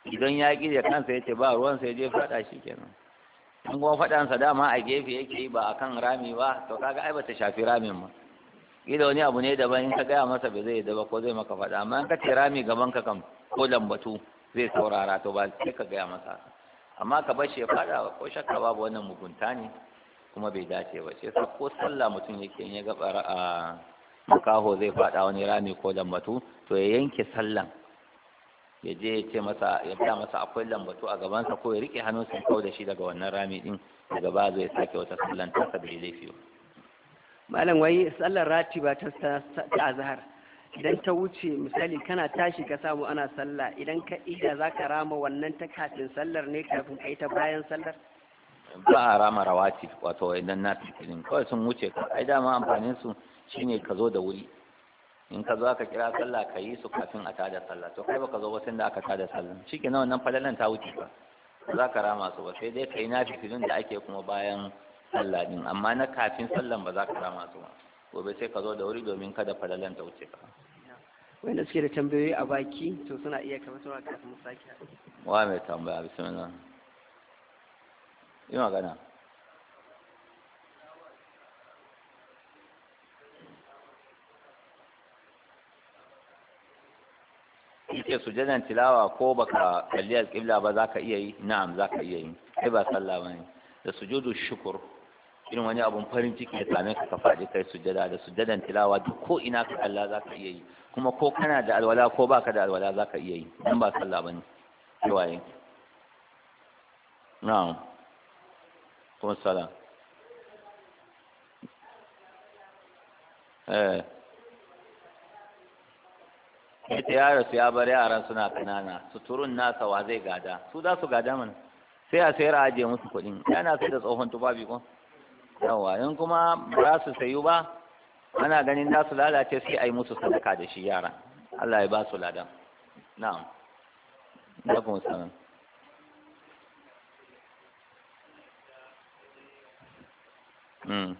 Speaker 1: idan ya da kansa ya ce ba ruwan sai je fada shi kenan in kuma fadansa dama a gefe yake ba akan rami ba to kaga ai ba ta shafi ramin ma kila wani abu ne daban in ka gaya masa ba zai daba ko zai maka faɗa amma in ka ce rami gaban ka kan ko lambatu zai saurara to ba sai ka gaya masa amma ka bar shi ya faɗa ko shakka babu wannan mugunta ne kuma bai dace ba sai ko sallah mutum yake in ya ga a makaho zai faɗa wani rami ko lambatu to ya yanke sallan ya je ya ce masa ya ta masa akwai lambatu a gabansa ko ya rike hannunsa kau da shi daga wannan rami din daga ba zai sake wata sallan ta da laifi ba malam
Speaker 2: wai sallar rati ta ta azhar idan ta wuce misali kana tashi ka samu ana sallah idan ka ida za ka rama wannan ta kafin sallar ne kafin ka yi ta bayan sallar
Speaker 1: ba a rama rawati wato idan na fitilin kawai sun wuce ka ai dama amfanin su shine ka zo da wuri in ka zo aka kira sallah ka yi su kafin a tada sallah to kai baka zo ba da aka tada sallah ke na wannan falalan ta wuce ka za ka rama su ba sai dai ka yi na da ake kuma bayan sallah din amma na kafin sallan ba za ka rama su ba gobe sai ka zo da wuri domin kada falalan ta wuce ka
Speaker 2: wanda suke da tambayoyi a baki to suna iya kamar suna kafin mu sake
Speaker 1: wa mai tambaya bismillah yi magana su sujadan tilawa ko baka kalli alƙibla ba za ka iya yi na'am za ka iya yi sai ba sallah ba ne da sujudu shukur irin wani abun farin ciki ya same ka ka faɗi kai sujjada da sujjadan tilawa duk ko ina ka kalla za ka iya yi kuma ko kana da alwala ko ba ka da alwala za ka iya yi dan ba sallah bane ne. na'am kuma sala eh ita yaro su ya bar yaran suna kanana suturun nasa wa zai gada su za su gada mana sai a sayar a ajiye musu kuɗin yana sai da tsohon tufafi ko yawa in kuma ba su sayu ba ana ganin za su lalace sai a yi musu sadaka da shi yara Allah ya ba su ladan na'am da kuma sanin hmm.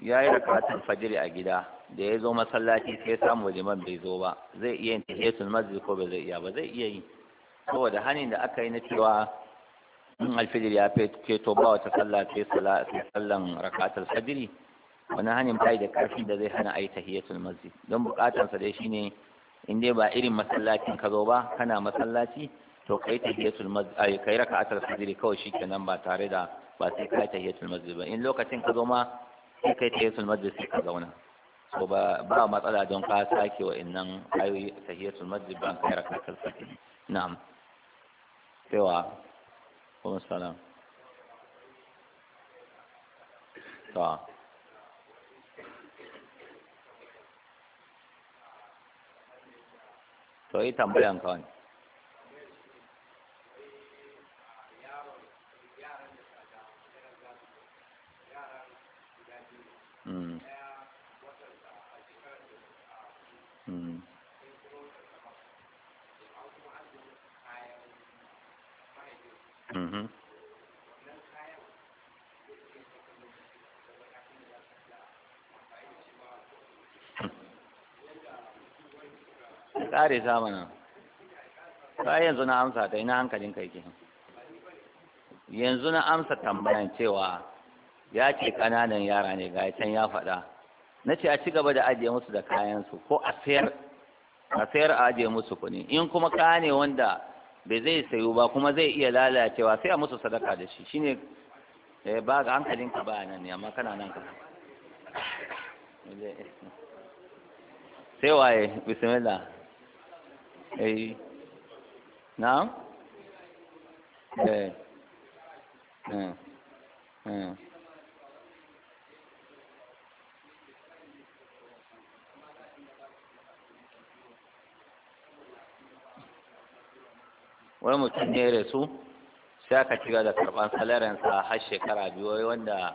Speaker 1: ya yi rakatun fajiri a gida da ya zo masallaci sai samu liman bai zo ba zai iya yin tahiyatul masjid ko ba zai iya ba zai iya yi saboda hanin da aka yi na cewa in alfijir ya to ba wata sallah sai sallan rakatul fajiri wani hanin bai da karfin da zai hana a ta tahiyatul masjid don bukatansa dai shine in dai ba irin masallacin ka zo ba kana masallaci to kai tahiyatul masjid ai kai raka'atul sadiri kawai shikenan ba tare da ba sai kai tahiyatul masjid ba in lokacin ka zo ma sai kai tahiyatul masjid sai ka zauna so ba ba matsala don ka sake wa innan ayoyi tahiyatul masjid ban kai raka'atul fajr na'am cewa kuma salam to to yi tambayan kawai Mm. Mm. ƙare zamanin ba yanzu na amsa ta ina hankalin kai kenan yanzu na amsa tambayan cewa ya ce kananan yara ne ga can ya faɗa na ce a ci gaba da ajiye musu da kayansu ko a sayar a sayar a ajiye musu kuɗi in kuma kaya ne wanda bai zai sayu ba kuma zai iya lalacewa sai a musu sadaka da shi shine eh ba ga ka ba nan ne amma kana nan ka sai waye bismillah Eh, eh, eh, eh wani mutum ne ya rasu sai aka cigaba da karɓar salarinsa har shekara biyu wanda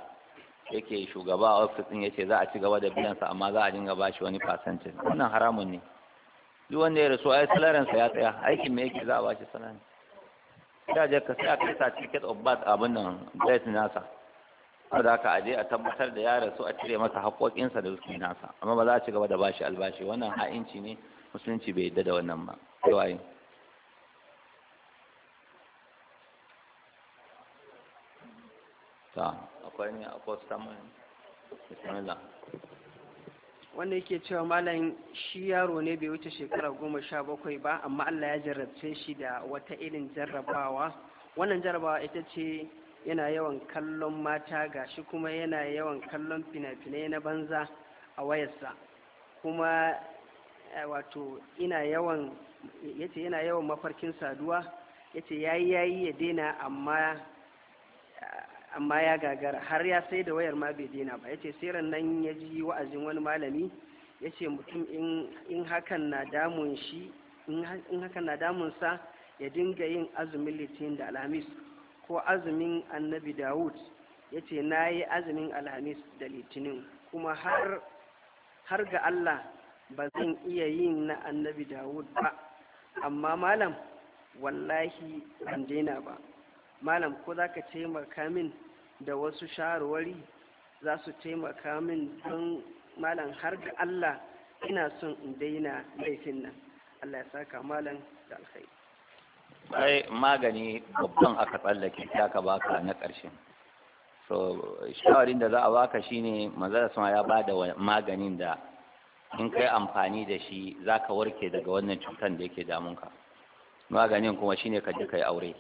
Speaker 1: yake shugaba a ofis ɗin ya ce za a ci gaba da biyansa amma za a dinga bashi shi wani fasantin wannan haramun ne duk wanda ya rasu ai salarinsa ya tsaya aikin me yake za a bashi salari sai je ka sai a kai ticket of birth abin nan date nasa da aka aje a tabbatar da ya rasu a cire masa haƙoƙinsa da suke nasa amma ba za a ci gaba da bashi albashi wannan ha'inci ne musulunci bai yadda da wannan ba yawayin ta akwai ne akwai samun
Speaker 2: wanda yake cewa malam shi yaro ne bai wuce shekara goma sha bakwai ba amma allah ya jarrabce shi da wata irin jarrabawa wannan jarrabawa ita ce yana yawan kallon mata ga shi kuma yana yawan kallon fina-finai na banza a wayarsa kuma eh, wato ina yawan yace yana yawan mafarkin saduwa yace yayi yayi ya daina amma amma ya gagara har ya sai da wayar ma bai daina ba yace sai nan ya ji wa'azin wani malami yace mutum in hakan na damun shi in hakan na damun sa ya dinga yin azumin litinin da alhamis ko azumin annabi dawud yace nayi azumin alhamis da litinin kuma har har ga allah ba zan iya yin na annabi dawud ba amma malam wallahi ban daina ba malam ko za ka taimaka min da wasu shawarwari za su taimaka min don malam har ga Allah ina son in daina laifin nan Allah ya saka malam da alkhairi sai
Speaker 1: magani babban aka tsallake ka baka na ƙarshen so shawarin da za a baka shine da sama ya bada maganin da in kai amfani da shi zaka warke daga wannan cutar da yake damunka maganin kuma shine ka je kai aure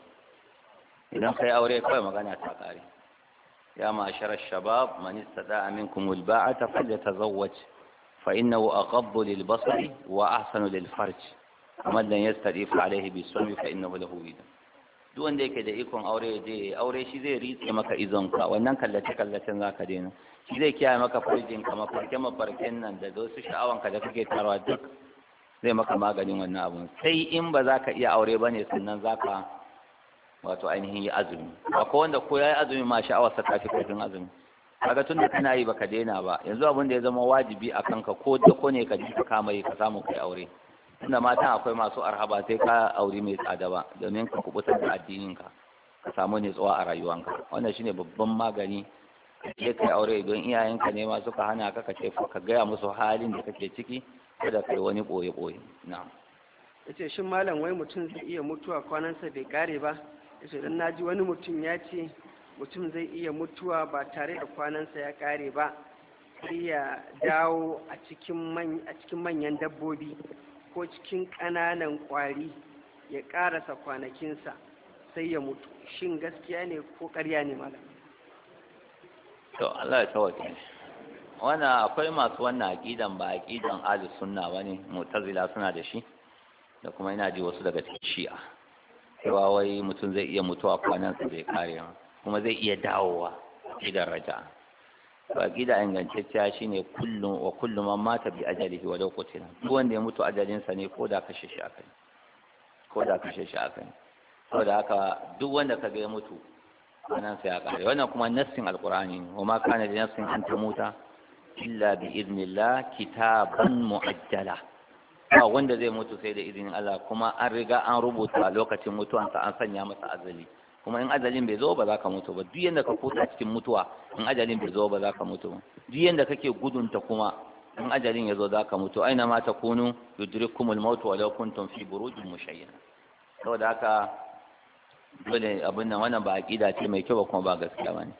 Speaker 1: idan kai aure kawai magana ta kare يا معشر الشباب من استطاع منكم الباعة فليتزوج فإنه أغض للبصر وأحسن للفرج ومن لن يستضيف عليه بالصوم فإنه له ويدا duk wanda yake da ikon aure je aure shi zai ritse maka izonka wannan kallace kallacen zaka daina shi zai kiyaye maka farjin ka mafarke mafarken nan da wasu sha'awan ka da kake tarwa duk zai maka maganin wannan abun sai in ba za ka iya aure bane sannan zaka wato ainihin yi azumi akwai wanda ko ya yi azumi ma sha'awar sa tafi azumi kaga tun da kana yi baka daina ba yanzu abin da ya zama wajibi a kanka ko da ko ne ka ji ka kama yi ka samu kai aure tunda matan akwai masu arhaba sai ka aure mai tsada ba domin ka kubutar da addinin ka ka samu ne tsawa a rayuwanka wannan shine babban magani je kai aure don iyayenka ne ma suka hana ka kace ka gaya musu halin da kake ciki kada kai wani boye boye na'am
Speaker 2: ita shin malam wai mutum zai iya mutuwa kwanansa bai kare ba yace na ji wani mutum ya ce mutum zai iya mutuwa ba tare da kwanansa ya kare ba sai ya dawo a cikin manyan dabbobi ko cikin ƙananan kwari ya ƙarasa kwanakinsa sai ya mutu shin gaskiya ne ko ƙarya ne malam
Speaker 1: to Allah ya wannan akwai masu wannan aqidan ba aqidan ahlus sunna bane mu'tazila suna da shi da kuma ina ji wasu daga cikin shi'a cewa wai mutum zai iya mutuwa su bai kare kuma zai iya dawowa idan raja to aqida ingantacciya shine kullum wa kullum man mata bi ajalihi wa law qutila duk wanda ya mutu ajalinsa ne ko da kashe shi akai ko da kashe shi akai saboda haka duk wanda kaga ya mutu kwanansa ya kare wannan kuma nassin alqur'ani ne wa ma kana da nassin an muta illa bi idnillah kitaban muajjala ba wanda zai mutu sai da izinin Allah kuma an riga an rubuta lokacin mutuwansa an sanya masa azali kuma in ajalin bai zo ba za ka mutu ba duk yadda ka kuta cikin mutuwa in ajalin bai zo ba za ka mutu ba duk yadda kake gudunta kuma in ajalin ya zo za ka mutu aina ma takunu yudrikumul maut law kuntum fi burujin mushayyana saboda haka dole abin nan wannan ba aqida ce mai kyau kuma ba gaskiya bane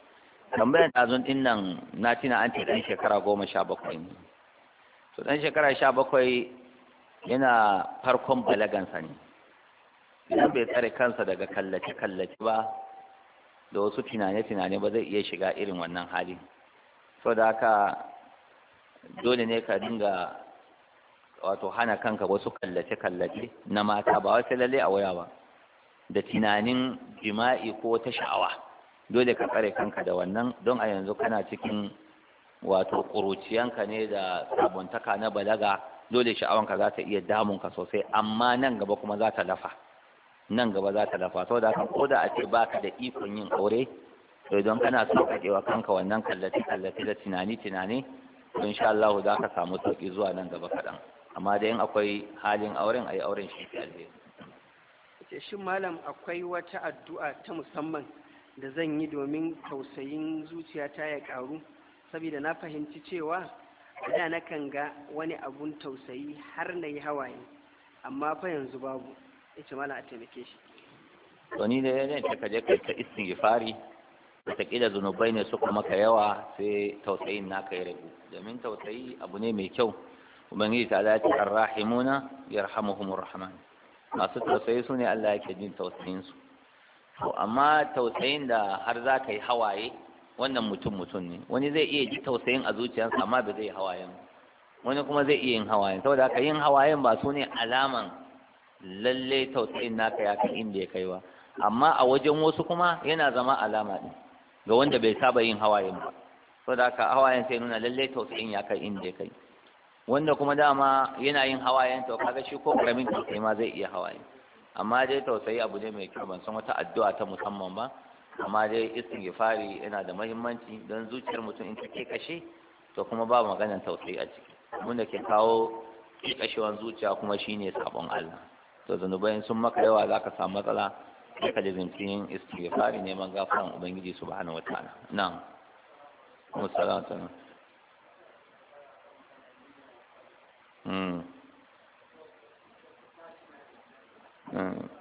Speaker 1: tambayar azun din nan na tina an ce dan shekara goma sha bakwai ne to dan shekara sha bakwai yana farkon balagansa ne idan bai tsare kansa daga kallace-kallace ba da wasu tunane-tunane ba zai iya shiga irin wannan hali so da haka dole ne ka dinga wato hana kanka wasu kallace-kallace na mata ba wasu lalle a waya ba da tunanin jima'i ko ta sha'awa dole ka tsare kanka da wannan don a yanzu kana cikin wato ƙuruciyanka ne da sabuntaka na balaga dole sha'awanka za ta iya damunka sosai amma nan gaba kuma za ta lafa nan gaba za ta lafa saboda haka ko da a ce ba ka da ikon yin aure to idan kana so ka kewa kanka wannan kallace kallace da tunani tunani to sha Allah za ka samu sauki zuwa nan gaba kaɗan amma da yin akwai halin auren ayi auren shi ke alheri
Speaker 2: ce shin malam akwai wata addu'a ta musamman da zan yi domin tausayin zuciyata ya karu saboda na fahimci cewa da na kan ga wani abun tausayi har na yi hawaye amma fa yanzu babu ita mala a taimake shi
Speaker 1: to ni da ne ta kaje kai ta istighfari wataƙila zunubai ne suka maka yawa sai tausayin naka ya rabu domin tausayi abu ne mai kyau ubangiji ta dace arrahimuna yarhamuhumur rahman masu tausayi sune ne Allah yake jin tausayin su to amma tausayin da har za ka yi hawaye wannan mutum mutum ne wani zai iya ji tausayin a zuciyarsa amma ba zai hawayen wani kuma zai iya yin hawayen saboda haka yin hawayen ba su ne alaman lalle tausayin naka ya kai inda ya kaiwa amma a wajen wasu kuma yana zama alama ne ga wanda bai saba yin hawayen ba saboda haka hawayen sai nuna lalle tausayin ya kai inda ya kai wanda kuma dama yana yin hawayen to kaga shi ko karamin tausayi ma zai iya hawayen. amma dai tausayi abu ne mai kyau ban san wata addu'a ta musamman ba amma dai gifari yana da mahimmanci don zuciyar mutum in ta ke kashe to kuma ba maganar tausayi a ciki abinda ke kawo kashewan zuciya kuma shine sabon Allah to zanubai sun maka yawa za ka samu matsala sai ka lizinci yin gifari neman gafaran ubangiji su wataala na'am nan. mm hmm.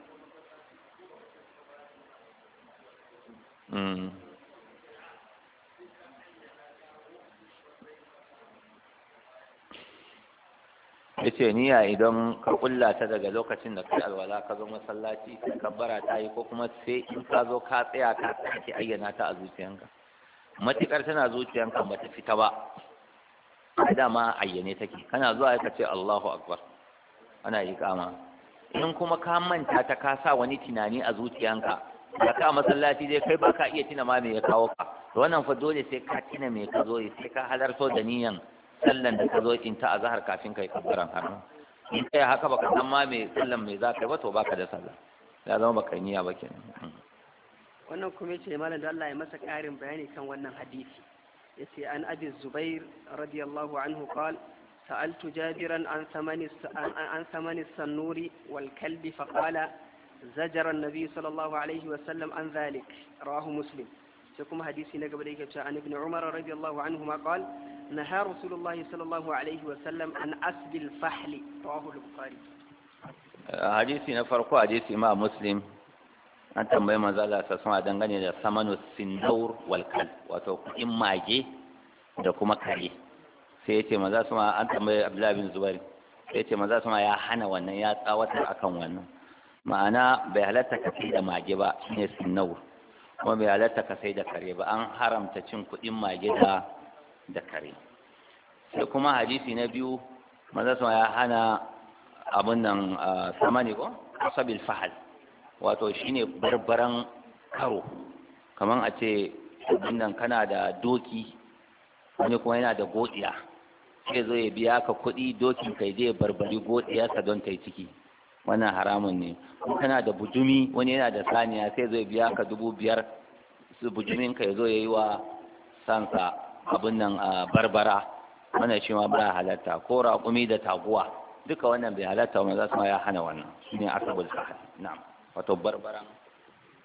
Speaker 1: Mm. niya idan ka kulla ta daga lokacin da kai alwala ka zo masallaci ka kabbara ta yi ko kuma sai in ka zo ka tsaya ka sake ayyana ta a zuciyanka matukar tana zuciyanka ba ta fita ba ai dama ayyane take kana zuwa ka ce Allahu akbar ana yi kama in kuma ka manta ta ka sa wani tunani a zuciyanka da ka masallaci dai kai baka iya tina ma me ya kawo ka wannan fa dole sai ka tina me ka zo sai ka halarto da niyan sallan da ka zo in ta azhar kafin kai kabbaran hannu in kai haka baka san ma me sallan me za ka ba to baka da sallah ya zama baka niyya ba kenan mm.
Speaker 2: wannan kuma ce malam da Allah ya masa karin bayani kan wannan hadisi yace an abi zubair radiyallahu anhu qala سألت جابرا عن ثمن عن ثمن السنور والكلب فقال زجر النبي صلى الله عليه وسلم عن ذلك رواه مسلم تكم حديثي نقب ليك عن ابن عمر رضي الله عنهما قال نهى رسول الله صلى الله عليه وسلم عن الفحل رواه البخاري
Speaker 1: حديثي نفرق مسلم an tambayi manzo Allah sallallahu dangane da samanu sindaur wal wato kuɗin mage da kuma kare sai yace manzo sama an tambayi Abdullah bin Zubair sai yace manzo sama ya hana wannan ya tsawatar akan wannan ma'ana bai halatta ka sai da mage ba shine sunnau kuma bai halatta ka sai da kare ba an haramta cin kuɗin mage da da kare sai kuma hadisi na biyu manzo sun ya hana abun nan samani ko asabil fahal wato shine barbaran karo kaman a ce nan kana da doki wani kuma yana da godiya sai zo ya biya ka kuɗi dokin kai zai barbari godiyarsa don ta yi ciki wannan haramun ne in kana da bujumi wani yana da saniya sai zai biya ka dubu biyar su bujumin ka zo ya yi wa sansa abin nan a barbara wannan shi ma ba halatta ko raƙumi da taguwa duka wannan bai halatta wani za su ma ya hana wannan shi ne asabul sahal na'am wato barbaran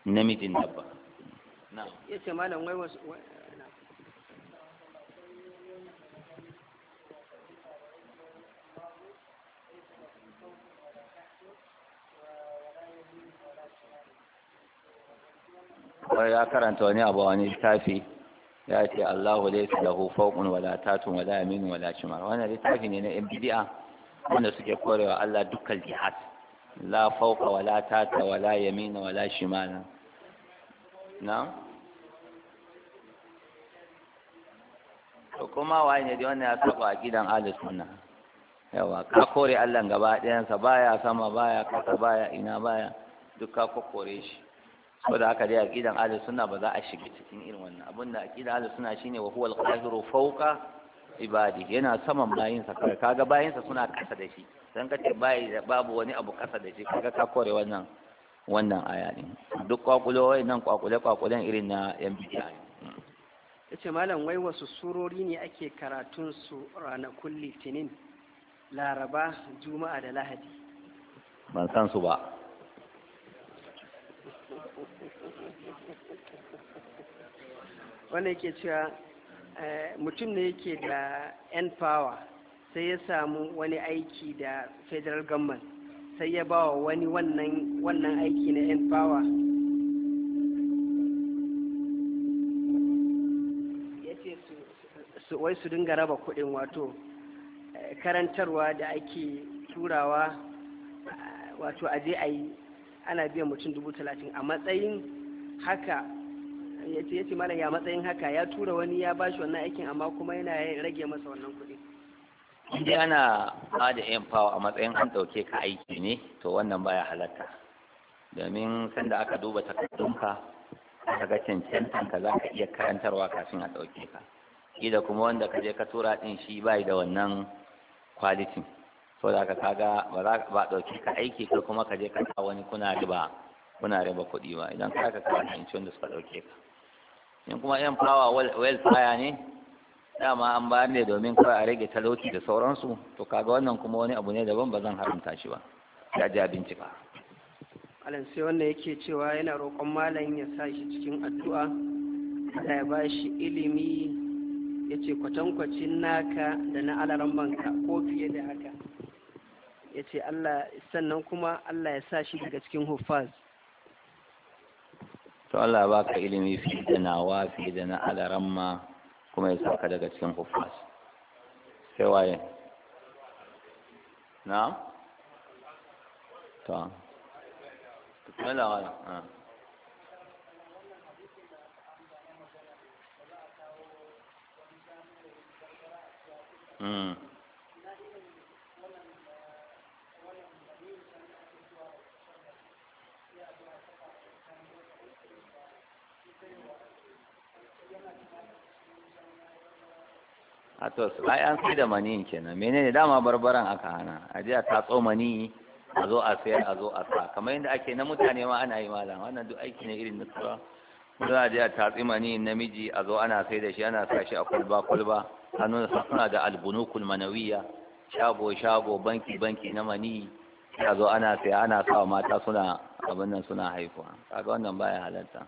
Speaker 1: namijin dabba
Speaker 2: na'am yace malam wai
Speaker 1: wai ya karanta wani abu wani littafi ya ce Allahu laysa lahu fawqun wala tatun wala yamin wala shimal wannan littafi ne na MBDA wanda suke korewa Allah dukkan jihad la fawqa wala tata wala yamin wala shimala na to kuma waye ne wannan ya saba gidan ahlus sunna yawa ka kore Allah gaba ɗayansa baya sama baya kasa baya ina baya duk ka kore shi saboda haka dai aqidan ahlus sunna ba za a shiga cikin irin wannan abinda aqidan ahlus sunna shine wa al-qadiru fawqa ibadi yana saman bayin sa kai kaga bayin sa suna kasa da shi dan kace bayi da babu wani abu kasa da shi kaga ka kore wannan wannan aya duk kwakulo nan kwakule kwakulen irin na yan bid'a
Speaker 2: yace malam wai wasu surori ne ake karatun su ranakun litinin laraba juma'a da lahadi
Speaker 1: ban san su ba
Speaker 2: wanda yake cewa eh, mutum ne yake da yan power sai ya samu wani aiki da federal government sai ya bawa wani wannan aiki na yan power ya ce su wai su dinga raba kudin wato eh, karantarwa da ake turawa eh, wato aje a yi ana biyan mutum dubu talatin a matsayin haka ya ce ya ce malam matsayin haka ya tura wani ya ba shi wannan aikin amma kuma yana rage masa wannan kuɗi
Speaker 1: inda ana ba da fawa a matsayin an ɗauke ka aiki ne to wannan baya halatta domin sanda aka duba takardunka ka ga cancantanka za ka iya karantarwa kafin a ɗauke ka ida kuma wanda ka je ka tura ɗin shi bai da wannan kwalitin so da ka kaga ba za ba dauki ka aiki ko kuma ka je ka sa wani kuna riba kuna riba kuɗi ba idan ka ka cewa wanda suka dauke ka in kuma yan fawa well fire ne dama an ba ne domin kawai a rage talauci da sauransu to kaga wannan kuma wani abu ne daban ba zan haramta shi ba ya ji abinci ba
Speaker 2: alan sai wanda yake cewa yana roƙon malam ya sa shi cikin addu'a Allah ya ba shi ilimi ya ce kwatankwacin naka da na alaran banka ko fiye da haka ya ce sannan kuma Allah ya sa shi daga cikin huffaz
Speaker 1: to Allah ba ka ilimi fi da nawa fi da na ma kuma ya sa ka daga cikin huffaz sai waye na? ta wala wala ah hmm a to ai an sai da maniyin kenan menene dama barbaran aka hana a je a tatso mani a zo a sayar a zo a sa kamar yadda ake na mutane ma ana yi malam wannan duk aiki ne irin nutsuwa, kuma a je a tatsi mani namiji a zo ana sai da shi ana sa shi a kwalba kwalba da suna da albunukul manawiya shago shago banki banki na mani a zo ana sayar ana sa mata suna abin nan suna haifuwa kaga wannan baya halarta.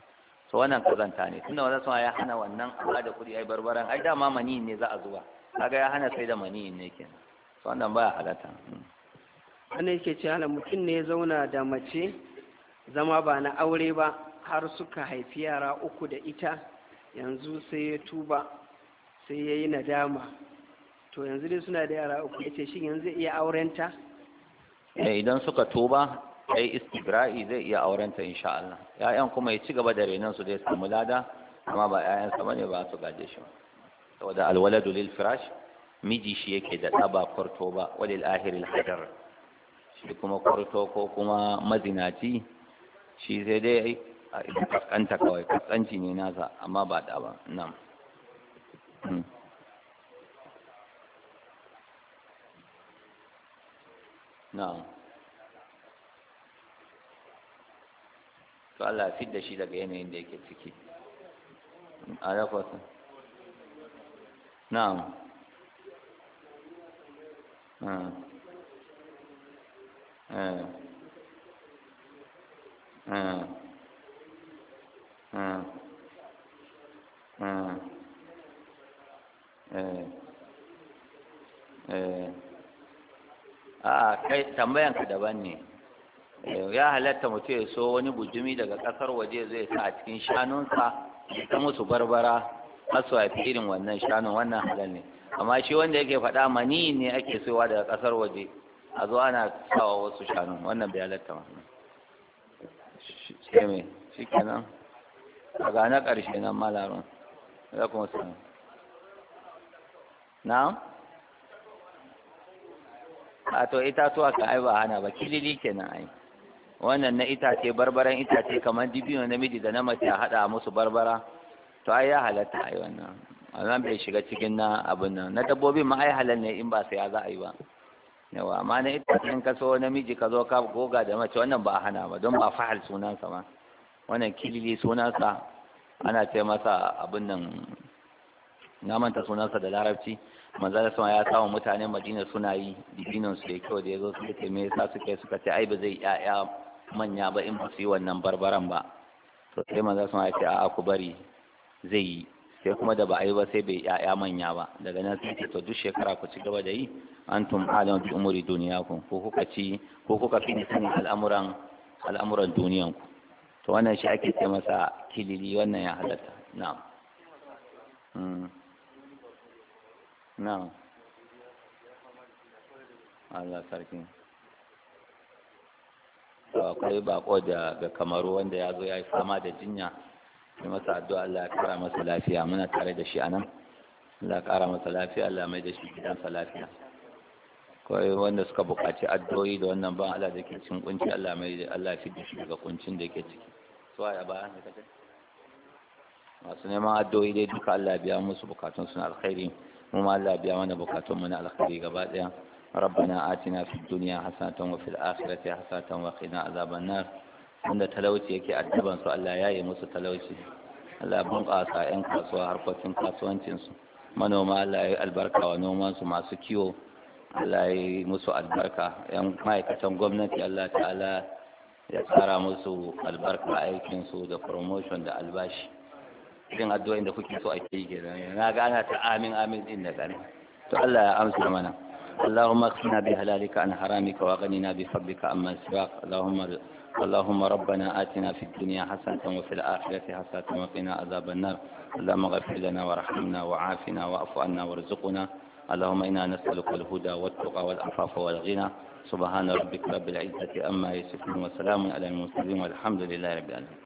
Speaker 1: to wannan kazanta ne tunda wannan sama ya hana wannan a da kuɗi ai barbaran ai dama mani ne za a zuwa. kaga ya hana sai da mani ne kenan to wannan baya halatta hmm.
Speaker 2: wannan yake cewa mutum ne ya zauna da mace zama ba na aure ba har suka haifi yara uku da ita yanzu sai ya tuba sai ya yi nadama to yanzu dai suna da yara uku ya ce shi yanzu iya aurenta
Speaker 1: eh, idan suka tuba ai istibra'i zai iya aurenta insha Allah yayan kuma ya ci gaba da renon su zai samu lada amma ba ƴaƴansa bane ba su gaje shi saboda alwaladu lil firash miji shi yake da ɗaba kwarto ba walil ahiril hadar shi kuma kwarto ko kuma mazinaci shi sai dai a kaskanta kawai kaskanci ne nasa amma ba ɗaba nan na'am hmm. to Allah fi da shi daga yanayin da yake ciki alakwata na'am a ah. ah. ah. eh. eh. kai tambayanka daban ne Eh, ya halatta mutum ya so wani bujumi daga kasar waje zai sa a cikin shanunsa ta musu barbara har su haifi irin wannan shanun wannan halal ne amma shi wanda yake faɗa mani ne ake sowa daga kasar waje a zuwa ana sawa wasu shanun wannan bai halatta ma shi shi kenan a gane ƙarshe nan malarun za kuma sanu na a to itatuwa kan ai ba hana ba kilili kenan ai wannan na itace barbaran itace kamar dibino namiji da na mace a haɗa musu barbara to ai ya halatta ai wannan wannan bai shiga cikin na abin nan na dabbobin ma ai halal ne in ba sai ya za a yi ba yawa amma na itace in ka so namiji ka zo ka goga da mace wannan ba a hana ba don ba fahal sunansa ma wannan kilili sunansa ana ce masa abin nan na manta sunansa da larabci manzara sama ya samu mutanen madina suna yi dibinan su da kyau da ya zo suka ce me yasa suke suka ce ai ba zai ya manya ba in ba yi wannan barbaran ba to sai manzo sun ce a'a ku bari zai yi sai kuma da ba a yi ba sai bai ya'ya manya ba daga nan sai to duk shekara ku ci gaba da yi antum alam bi umuri duniyakum ko kuka ci ko kuka fi sani al'amuran al'amuran duniyan ku to wannan shi ake ce masa kilili wannan ya halatta na'am hmm. Allah sarki akwai bako da ga kamaru wanda ya zo ya yi fama da jinya mai masa addu'a Allah ya kara masa lafiya muna tare da shi a nan Allah ya kara masa lafiya Allah mai da shi gidansa lafiya kawai wanda suka buƙaci addu'o'i da wannan ban Allah da ke cikin kunci Allah mai da Allah fi da shi daga kuncin da ke ciki so ya ba ne kace masu neman addu'o'i dai duka Allah biya musu bukatun su na alkhairi mu ma Allah biya mana bukatun mu na alkhairi gaba daya ربنا آتنا في الدنيا حسنة وفي الآخرة حسنة وقنا عذاب النار wanda talauci yake addaban su Allah ya yi musu talauci Allah bunƙasa 'yan kasuwa harkokin kasuwancinsu manoma Allah ya yi albarka wa nomansu masu kiwo Allah ya yi musu albarka 'yan ma'aikatan gwamnati Allah ta'ala ya tsara musu albarka aikinsu da promotion da albashi irin addu'an da kuke so a ke gina na gana ta amin amin din da to Allah ya amsa mana اللهم اكفنا بهلالك عن حرامك واغننا بفضلك اما سواك اللهم اللهم ربنا آتنا في الدنيا حسنة وفي الآخرة حسنة وقنا عذاب النار اللهم اغفر لنا وارحمنا وعافنا واعف عنا وارزقنا اللهم إنا نسألك الهدى والتقى والعفاف والغنى سبحان ربك رب العزة أما يصفون وسلام على المرسلين والحمد لله رب العالمين